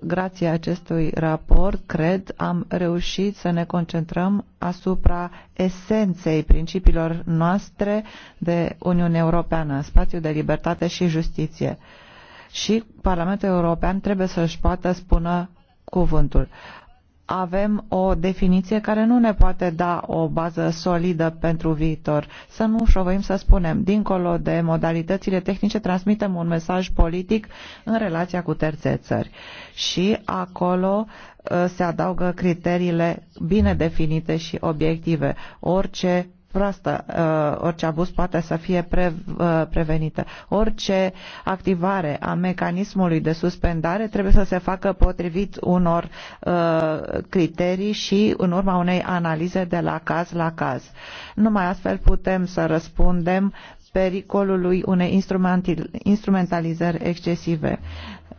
grație acestui raport, cred, am reușit să ne concentrăm asupra esenței principiilor noastre de Uniune Europeană, spațiu de libertate și justiție. Și Parlamentul European trebuie să-și poată spună cuvântul avem o definiție care nu ne poate da o bază solidă pentru viitor. Să nu șovăim să spunem, dincolo de modalitățile tehnice, transmitem un mesaj politic în relația cu terțe țări. Și acolo uh, se adaugă criteriile bine definite și obiective. Orice proastă. Uh, orice abuz poate să fie pre, uh, prevenită. Orice activare a mecanismului de suspendare trebuie să se facă potrivit unor uh, criterii și în urma unei analize de la caz la caz. Numai astfel putem să răspundem pericolului unei instrumentalizări excesive.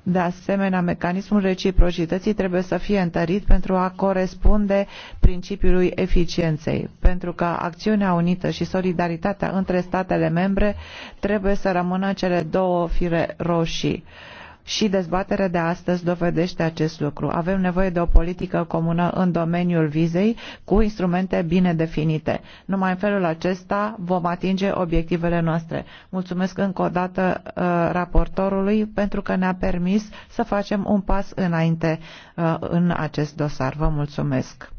De asemenea, mecanismul reciprocității trebuie să fie întărit pentru a corespunde principiului eficienței, pentru că acțiunea unită și solidaritatea între statele membre trebuie să rămână cele două fire roșii. Uh, și dezbaterea de astăzi dovedește acest lucru. Avem nevoie de o politică comună în domeniul vizei cu instrumente bine definite. Numai în felul acesta vom atinge obiectivele noastre. Mulțumesc încă o dată uh, raportorului pentru că ne-a permis să facem un pas înainte uh, în acest dosar. Vă mulțumesc.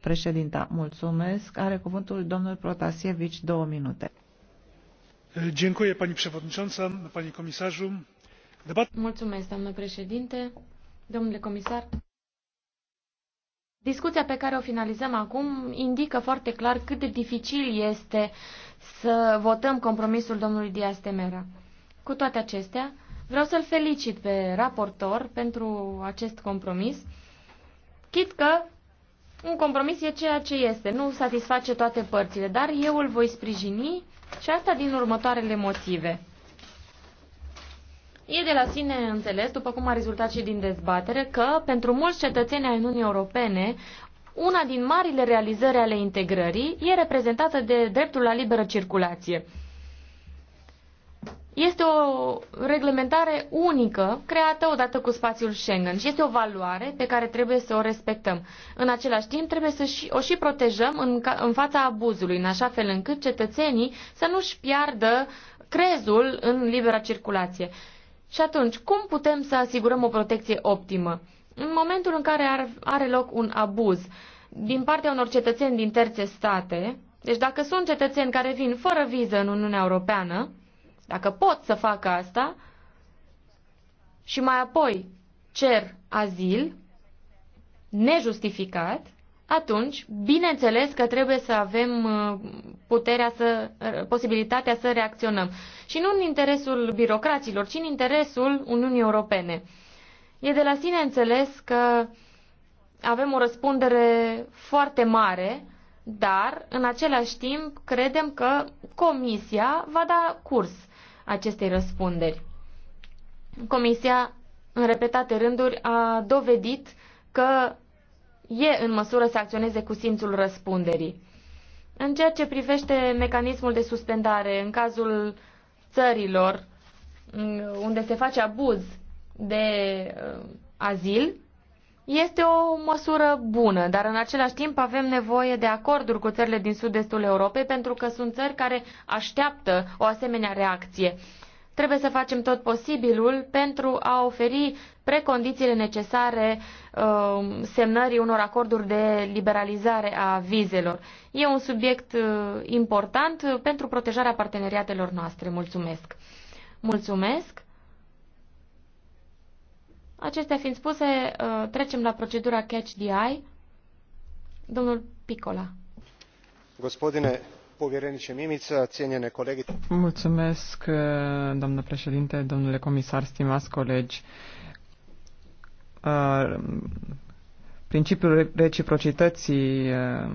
Președinta, mulțumesc. Are cuvântul domnul Protasievici două minute. Dziękuję pani przewodnicząca, panie komisarzu Mulțumesc, doamnă președinte. Domnule comisar, discuția pe care o finalizăm acum indică foarte clar cât de dificil este să votăm compromisul domnului Diaz Temera. Cu toate acestea, vreau să-l felicit pe raportor pentru acest compromis, chit că un compromis e ceea ce este, nu satisface toate părțile, dar eu îl voi sprijini și asta din următoarele motive. E de la sine înțeles, după cum a rezultat și din dezbatere, că pentru mulți cetățeni ai Uniunii Europene, una din marile realizări ale integrării e reprezentată de dreptul la liberă circulație. Este o reglementare unică creată odată cu spațiul Schengen și este o valoare pe care trebuie să o respectăm. În același timp, trebuie să și, o și protejăm în, în fața abuzului, în așa fel încât cetățenii să nu-și piardă crezul în libera circulație. Și atunci, cum putem să asigurăm o protecție optimă? În momentul în care ar, are loc un abuz din partea unor cetățeni din terțe state, deci dacă sunt cetățeni care vin fără viză în Uniunea Europeană, dacă pot să facă asta, și mai apoi cer azil nejustificat, atunci, bineînțeles că trebuie să avem uh, puterea să, uh, posibilitatea să reacționăm. Și nu în interesul birocraților, ci în interesul Uniunii Europene. E de la sine înțeles că avem o răspundere foarte mare, dar în același timp credem că Comisia va da curs acestei răspunderi. Comisia, în repetate rânduri, a dovedit că e în măsură să acționeze cu simțul răspunderii. În ceea ce privește mecanismul de suspendare în cazul țărilor unde se face abuz de uh, azil, este o măsură bună, dar în același timp avem nevoie de acorduri cu țările din sud-estul Europei pentru că sunt țări care așteaptă o asemenea reacție. Trebuie să facem tot posibilul pentru a oferi precondițiile necesare uh, semnării unor acorduri de liberalizare a vizelor. E un subiect uh, important pentru protejarea parteneriatelor noastre. Mulțumesc! Mulțumesc! Acestea fiind spuse, uh, trecem la procedura Catch the Eye. Domnul Picola. Gospodine povjereniče mimica cijenjene kolegice mulțumesc uh, doamnă președinte domnule comisar stimați colegi uh, principiul reciprocității uh,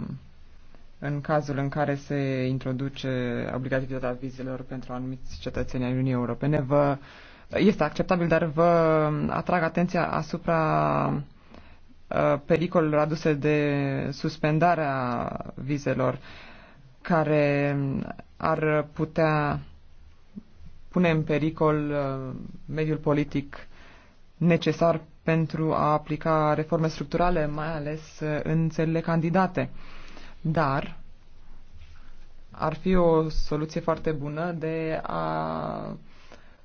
în cazul în care se introduce obligativitatea vizelor pentru anumiți cetățeni ai Uniunii Europene vă este acceptabil, dar vă atrag atenția asupra pericolelor aduse de suspendarea vizelor care ar putea pune în pericol uh, mediul politic necesar pentru a aplica reforme structurale, mai ales uh, în țările candidate. Dar ar fi o soluție foarte bună de a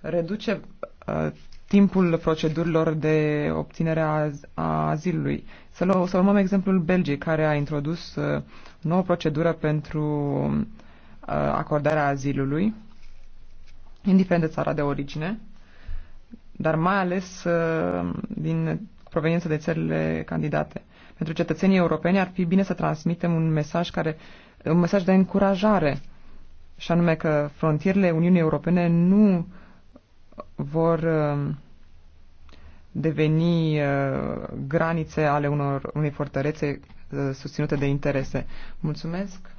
reduce uh, timpul procedurilor de obținere a azilului. Să, lu- să luăm exemplul Belgiei, care a introdus uh, nouă procedură pentru uh, acordarea azilului, indiferent de țara de origine, dar mai ales uh, din proveniență de țările candidate. Pentru cetățenii europeni ar fi bine să transmitem un mesaj, care, un mesaj de încurajare, și anume că frontierele Uniunii Europene nu vor uh, deveni uh, granițe ale unor, unei fortărețe uh, susținute de interese. Mulțumesc!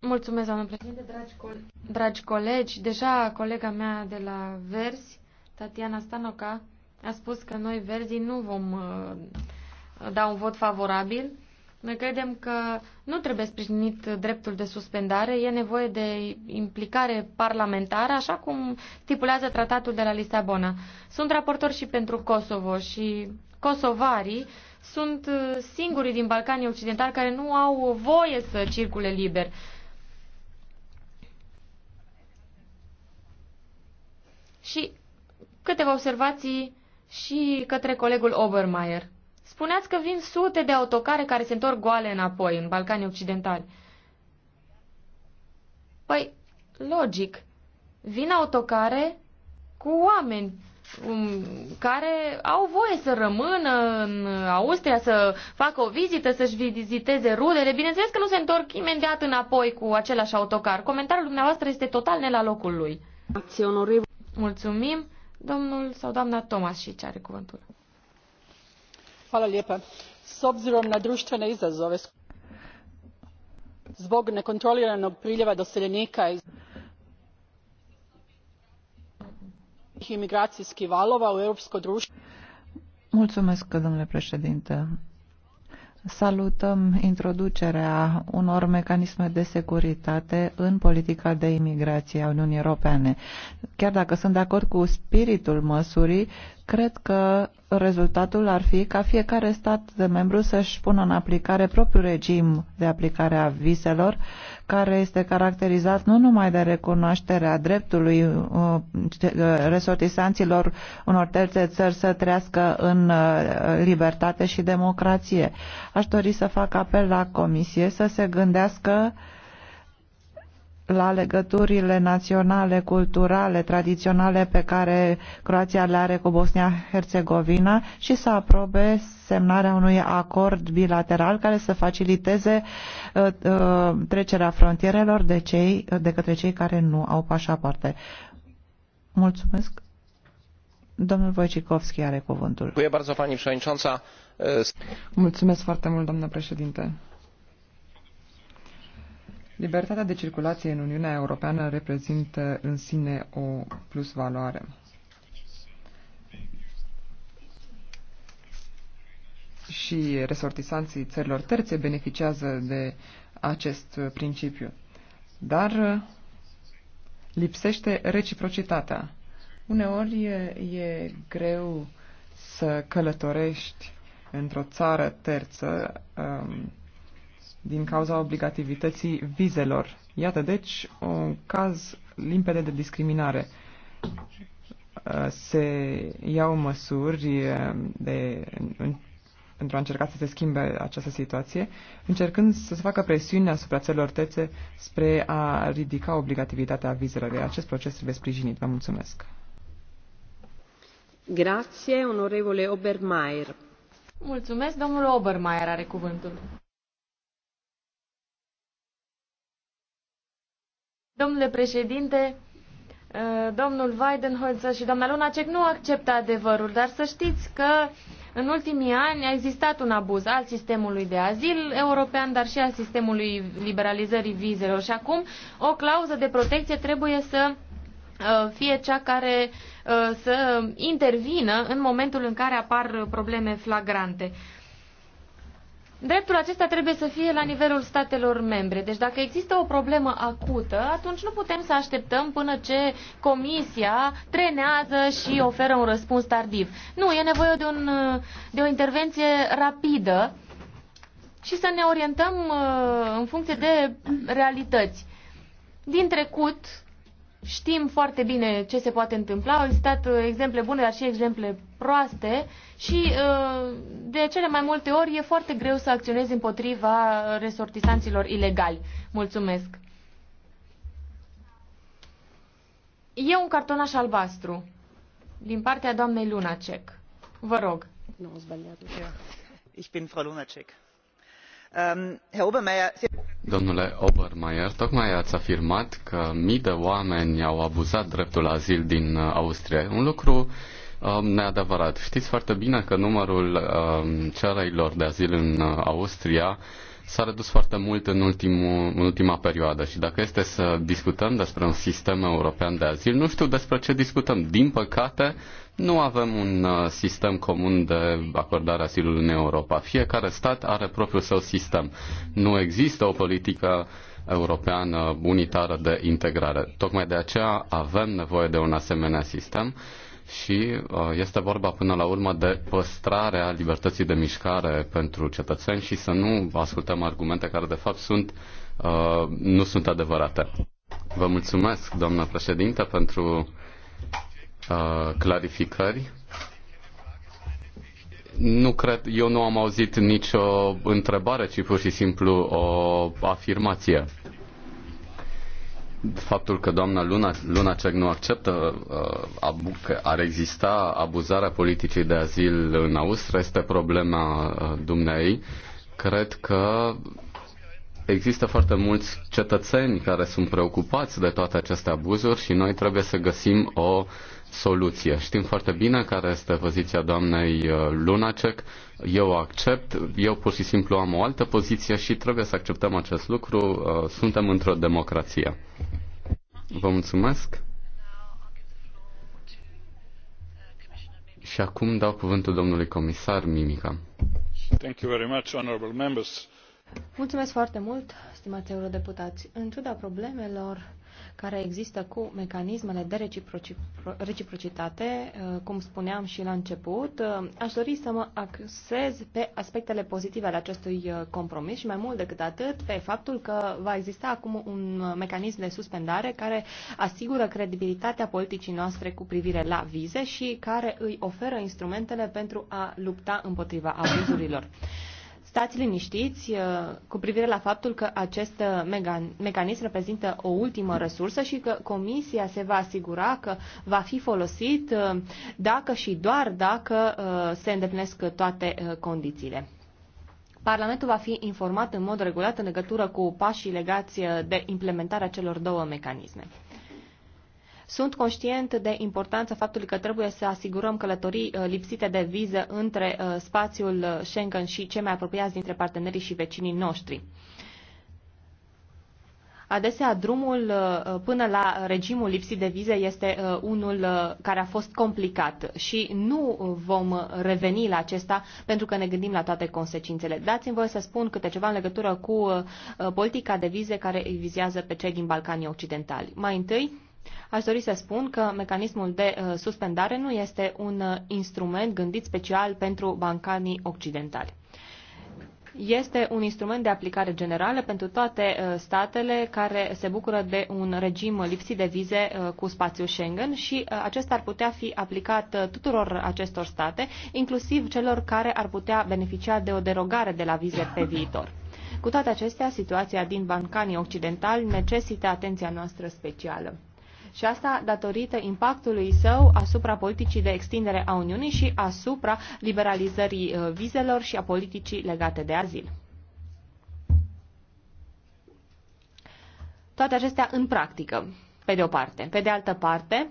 Mulțumesc, doamnă președinte, dragi, co dragi colegi. Deja colega mea de la Verzi, Tatiana Stanoca, a spus că noi, Verzii, nu vom uh, da un vot favorabil noi credem că nu trebuie sprijinit dreptul de suspendare, e nevoie de implicare parlamentară, așa cum stipulează tratatul de la Lisabona. Sunt raportor și pentru Kosovo și kosovarii sunt singurii din Balcanii Occidentali care nu au voie să circule liber. Și câteva observații și către colegul Obermeier. Spuneați că vin sute de autocare care se întorc goale înapoi în Balcanii Occidentali. Păi, logic, vin autocare cu oameni um, care au voie să rămână în Austria, să facă o vizită, să-și viziteze rudele. Bineînțeles că nu se întorc imediat înapoi cu același autocar. Comentariul dumneavoastră este total ne la locul lui. Mulțumim. Domnul sau doamna Thomas și ce are cuvântul gospodine predsjedniče s obzirom na društvene izazove zbog nekontroliranog priljeva doseljenika iz imigracijskih valova u europsko društvo salutăm introducerea unor mecanisme de securitate în politica de imigrație a Uniunii Europene. Chiar dacă sunt de acord cu spiritul măsurii, Cred că rezultatul ar fi ca fiecare stat de membru să-și pună în aplicare propriul regim de aplicare a viselor, care este caracterizat nu numai de recunoașterea dreptului uh, resortisanților unor terțe țări să trăiască în uh, libertate și democrație. Aș dori să fac apel la Comisie să se gândească la legăturile naționale, culturale, tradiționale pe care Croația le are cu bosnia herțegovina și să aprobe semnarea unui acord bilateral care să faciliteze uh, uh, trecerea frontierelor de, cei, de către cei care nu au pașapoarte. Mulțumesc. Domnul Wojciechowski are cuvântul. Mulțumesc foarte mult, domnule președinte. Libertatea de circulație în Uniunea Europeană reprezintă în sine o plusvaloare. Și resortisanții țărilor terțe beneficiază de acest principiu. Dar lipsește reciprocitatea. Uneori e, e greu să călătorești într-o țară terță um, din cauza obligativității vizelor. Iată, deci, un caz limpede de discriminare. Uh, se iau măsuri uh, de, în, pentru a încerca să se schimbe această situație, încercând să se facă presiune asupra țărilor tețe spre a ridica obligativitatea vizelor. Acest proces trebuie sprijinit. Vă mulțumesc. Grazie, onorevole Obermeier. Mulțumesc, domnul Obermeier are cuvântul. Domnule președinte, uh, domnul Weidenholzer și doamna Lunacek nu acceptă adevărul, dar să știți că în ultimii ani a existat un abuz al sistemului de azil european, dar și al sistemului liberalizării vizelor. Și acum o clauză de protecție trebuie să uh, fie cea care uh, să intervină în momentul în care apar probleme flagrante. Dreptul acesta trebuie să fie la nivelul statelor membre. Deci dacă există o problemă acută, atunci nu putem să așteptăm până ce comisia trenează și oferă un răspuns tardiv. Nu, e nevoie de, un, de o intervenție rapidă și să ne orientăm uh, în funcție de realități. Din trecut, Știm foarte bine ce se poate întâmpla, au existat uh, exemple bune, dar și exemple proaste și uh, de cele mai multe ori e foarte greu să acționezi împotriva resortisanților ilegali. Mulțumesc! E un cartonaș albastru din partea doamnei Lunacek. Vă rog. Nu, Ich bin Frau Lunacek. Um, Herr Obermeier, Domnule Obermeier, tocmai ați afirmat că mii de oameni au abuzat dreptul la azil din uh, Austria. Un lucru um, neadevărat. Știți foarte bine că numărul um, cererilor de azil în uh, Austria s-a redus foarte mult în, ultimul, în ultima perioadă și dacă este să discutăm despre un sistem european de azil, nu știu despre ce discutăm. Din păcate, nu avem un uh, sistem comun de acordare asilului în Europa. Fiecare stat are propriul său sistem. Nu există o politică europeană unitară de integrare. Tocmai de aceea avem nevoie de un asemenea sistem și uh, este vorba până la urmă de păstrarea libertății de mișcare pentru cetățeni și să nu ascultăm argumente care de fapt sunt, uh, nu sunt adevărate. Vă mulțumesc, doamnă președinte, pentru uh, clarificări. Nu cred, eu nu am auzit nicio întrebare, ci pur și simplu o afirmație faptul că doamna Luna, Luna Cec nu acceptă uh, că ar exista abuzarea politicii de azil în Austria este problema uh, dumneei. Cred că există foarte mulți cetățeni care sunt preocupați de toate aceste abuzuri și noi trebuie să găsim o uh, soluție. Știm foarte bine care este poziția doamnei uh, Lunacek. Eu o accept, eu pur și simplu am o altă poziție și trebuie să acceptăm acest lucru. Uh, suntem într-o democrație. Vă mulțumesc. Și acum dau cuvântul domnului comisar Mimica. Thank you very much, honorable members. Mulțumesc foarte mult, stimați eurodeputați. În ciuda problemelor care există cu mecanismele de reciprocitate, uh, cum spuneam și la început. Uh, aș dori să mă axez pe aspectele pozitive ale acestui uh, compromis și mai mult decât atât pe faptul că va exista acum un mecanism de suspendare care asigură credibilitatea politicii noastre cu privire la vize și care îi oferă instrumentele pentru a lupta împotriva abuzurilor. Stați liniștiți uh, cu privire la faptul că acest uh, mecanism reprezintă o ultimă resursă și că Comisia se va asigura că va fi folosit uh, dacă și doar dacă se îndeplinesc toate condițiile. Parlamentul va fi informat în mod regulat în legătură cu pașii legați de implementarea celor două mecanisme. Sunt conștient de importanța faptului că trebuie să asigurăm călătorii uh, lipsite de viză între uh, spațiul uh, Schengen și cei mai apropiați dintre partenerii și vecinii noștri. Adesea, drumul până la regimul lipsit de vize este unul care a fost complicat și nu vom reveni la acesta pentru că ne gândim la toate consecințele. Dați-mi voie să spun câte ceva în legătură cu politica de vize care vizează pe cei din Balcanii Occidentali. Mai întâi, Aș dori să spun că mecanismul de uh, suspendare nu este un uh, instrument gândit special pentru bancanii occidentali este un instrument de aplicare generală pentru toate uh, statele care se bucură de un regim lipsit de vize cu spațiul Schengen și acesta ar putea fi aplicat tuturor acestor state, inclusiv celor care ar putea beneficia de o derogare de la vize pe viitor. Cu toate acestea, situația din Balcanii Occidentali necesită atenția noastră specială. Și asta datorită impactului său asupra politicii de extindere a Uniunii și asupra liberalizării uh, vizelor și a politicii legate de azil. Toate acestea în practică, pe de o parte. Pe de altă parte,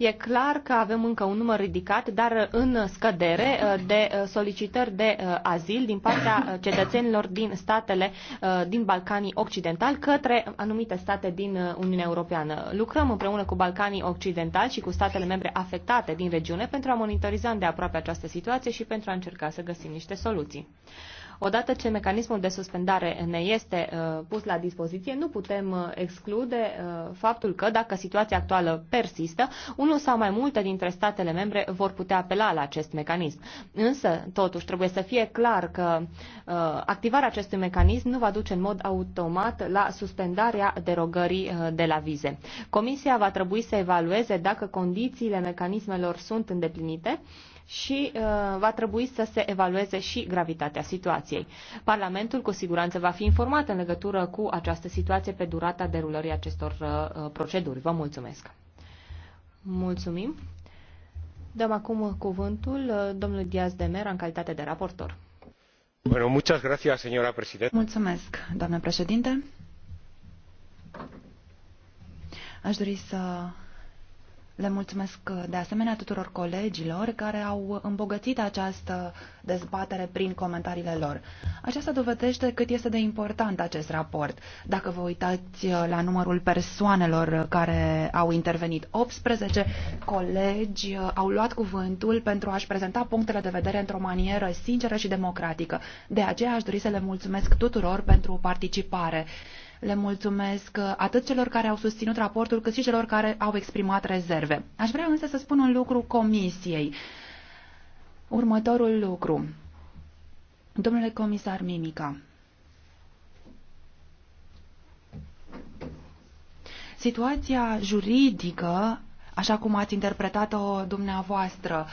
E clar că avem încă un număr ridicat, dar în scădere uh, de uh, solicitări de uh, azil din partea cetățenilor din statele din Balcanii Occidentali către anumite state din Uniunea Europeană. Lucrăm împreună cu Balcanii Occidentali și cu statele membre afectate din regiune pentru a monitoriza de aproape această situație și pentru a încerca să găsim niște soluții. Odată ce mecanismul de suspendare ne este uh, pus la dispoziție, nu putem uh, exclude uh, faptul că, dacă situația actuală persistă, unul sau mai multe dintre statele membre vor putea apela la acest mecanism. Însă, totuși, trebuie să fie clar că activarea acestui mecanism nu va duce în mod automat la suspendarea derogării de la vize. Comisia va trebui să evalueze dacă condițiile mecanismelor sunt îndeplinite și va trebui să se evalueze și gravitatea situației situației. Parlamentul cu siguranță va fi informat în legătură cu această situație pe durata derulării acestor uh, uh, proceduri. Vă mulțumesc! Mulțumim! Dăm acum cuvântul uh, domnului Diaz de Mera în calitate de raportor. Bueno, muchas gracias, señora presidenta. Mulțumesc, doamnă președinte. Aș dori să le mulțumesc uh, de asemenea tuturor colegilor care au îmbogățit această dezbatere prin comentariile lor. Aceasta dovedește cât este de important acest raport. Dacă vă uitați uh, la numărul persoanelor care au intervenit, 18 colegi uh, au luat cuvântul pentru a-și prezenta punctele de vedere într-o manieră sinceră și democratică. De aceea aș dori să le mulțumesc tuturor pentru participare. Le mulțumesc uh, atât celor care au susținut raportul, cât și celor care au exprimat rezerve. Aș vrea însă să spun un lucru comisiei. Următorul lucru. Domnule comisar Mimica, situația juridică, așa cum ați interpretat-o dumneavoastră,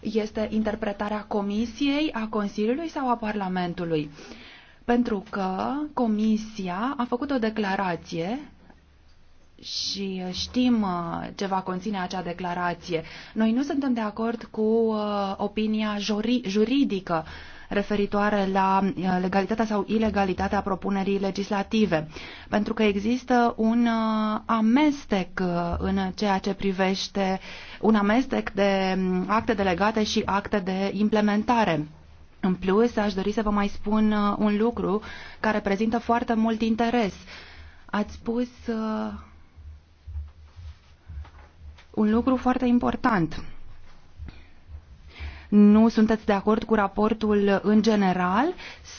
este interpretarea Comisiei, a Consiliului sau a Parlamentului? Uh, pentru că Comisia a făcut o declarație și știm uh, ce va conține acea declarație. Noi nu suntem de acord cu uh, opinia juridică referitoare la uh, legalitatea sau ilegalitatea propunerii legislative, pentru că există un amestec în ceea ce privește un amestec de um, acte delegate și acte de implementare. În plus, aș dori să vă mai spun uh, un lucru care prezintă foarte mult interes. Ați spus uh, un lucru foarte important nu sunteți de acord cu raportul în general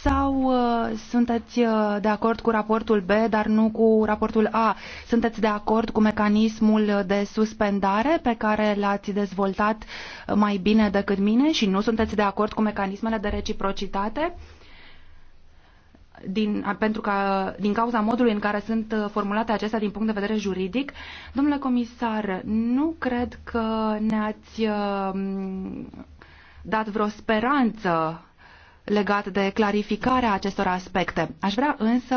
sau uh, sunteți uh, de acord cu raportul B, dar nu cu raportul A? Sunteți de acord cu mecanismul de suspendare pe care l-ați dezvoltat mai bine decât mine și nu sunteți de acord cu mecanismele de reciprocitate? din, pentru că, din cauza modului în care sunt uh, formulate acestea din punct de vedere juridic. Domnule comisar, nu cred că ne-ați dat vreo speranță legat de clarificarea acestor aspecte. Aș vrea însă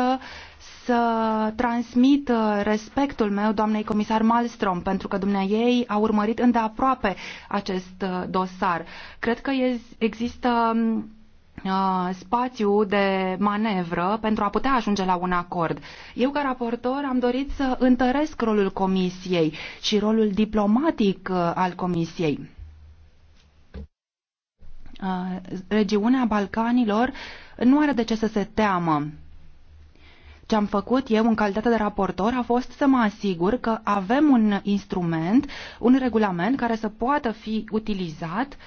să transmit uh, respectul meu doamnei comisar Malmström, pentru că dumnea ei a urmărit îndeaproape acest uh, dosar. Cred că există um, uh, spațiu de manevră pentru a putea ajunge la un acord. Eu, ca raportor, am dorit să întăresc rolul Comisiei și rolul diplomatic al Comisiei regiunea Balcanilor nu are de ce să se teamă. Ce am făcut eu în calitate de raportor a fost să mă asigur că avem un instrument, un regulament care să poată fi utilizat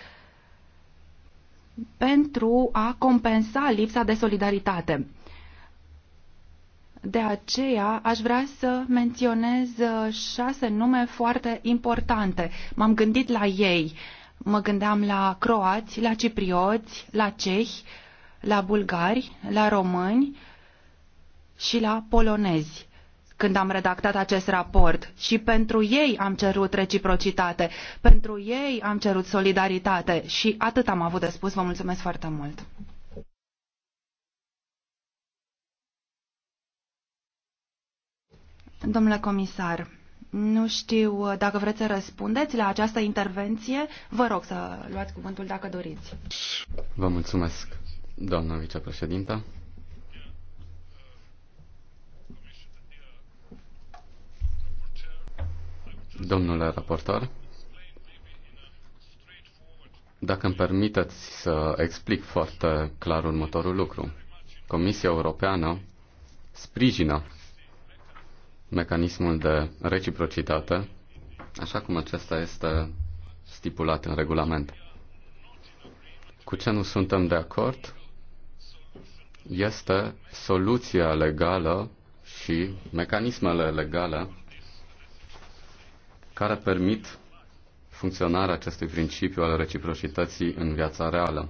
pentru a compensa lipsa de solidaritate. De aceea aș vrea să menționez uh, șase nume foarte importante. M-am gândit la ei. Uh, Mă gândeam la croați, la ciprioți, la cehi, la bulgari, la români și la polonezi când am redactat acest raport și pentru ei am cerut reciprocitate, pentru ei am cerut solidaritate și atât am avut de spus. Vă mulțumesc foarte mult! Domnule comisar, nu știu uh, dacă vreți să răspundeți la această intervenție. Vă rog să luați cuvântul dacă doriți. Vă mulțumesc, doamna vicepreședintă. Domnule raportor, dacă îmi permiteți să explic foarte clar următorul lucru. Comisia Europeană sprijină mecanismul de reciprocitate, așa cum acesta este stipulat în regulament. Cu ce nu suntem de acord este soluția legală și mecanismele legale care permit funcționarea acestui principiu al reciprocității în viața reală.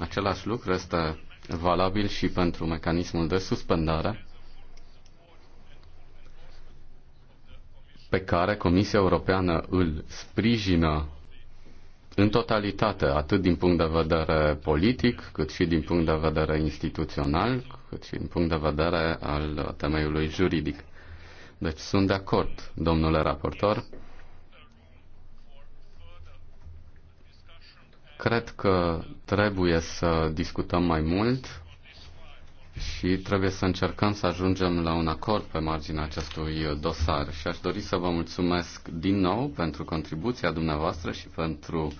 Același lucru este valabil și pentru mecanismul de suspendare pe care Comisia Europeană îl sprijină în totalitate, atât din punct de vedere politic, cât și din punct de vedere instituțional, cât și din punct de vedere al temeiului juridic. Deci sunt de acord, domnule raportor. Cred că trebuie să discutăm mai mult și trebuie să încercăm să ajungem la un acord pe marginea acestui dosar. Și aș dori să vă mulțumesc din nou pentru contribuția dumneavoastră și pentru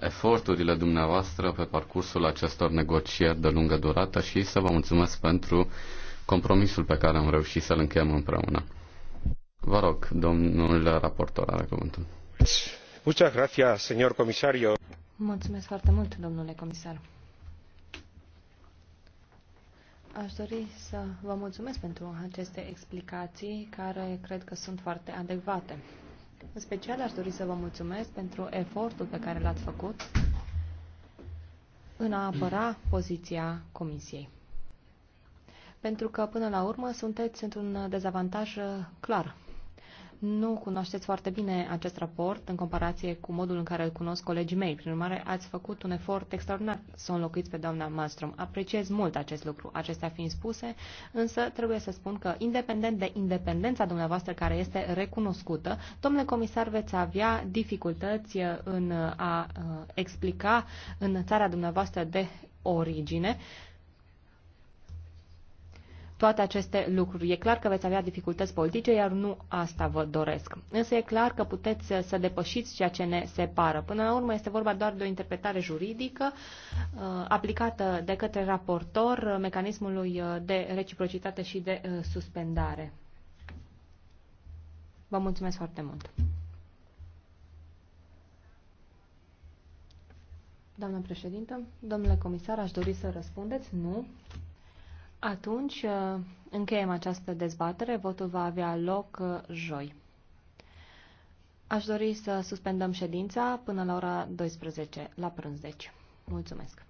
eforturile dumneavoastră pe parcursul acestor negocieri de lungă durată și să vă mulțumesc pentru compromisul pe care am reușit să-l încheiem împreună. Vă rog, domnul raportor are cuvântul. Muchas gracias, señor comisario. Mulțumesc foarte mult, domnule comisar. Aș dori să vă mulțumesc pentru aceste explicații care cred că sunt foarte adecvate. În special aș dori să vă mulțumesc pentru efortul pe care l-ați făcut în a apăra poziția Comisiei. Pentru că, până la urmă, sunteți într-un dezavantaj uh, clar nu cunoașteți foarte bine acest raport în comparație cu modul în care îl cunosc colegii mei. Prin urmare, ați făcut un efort extraordinar să o înlocuiți pe doamna Malmström. Apreciez mult acest lucru. Acestea fiind spuse, însă trebuie să spun că, independent de independența dumneavoastră care este recunoscută, domnule comisar, veți avea dificultăți în a uh, explica în țara dumneavoastră de origine uh, toate aceste lucruri. E clar că veți avea dificultăți politice, iar nu asta vă doresc. Însă e clar că puteți să depășiți ceea ce ne separă. Până la urmă este vorba doar de o interpretare juridică uh, aplicată de către raportor mecanismului de reciprocitate și de uh, suspendare. Vă mulțumesc foarte mult. Doamna președintă, domnule comisar, aș dori să răspundeți. Nu. Atunci uh, încheiem această dezbatere. Votul va avea loc uh, joi. Aș dori să suspendăm ședința până la ora 12, la prânz deci. Mulțumesc!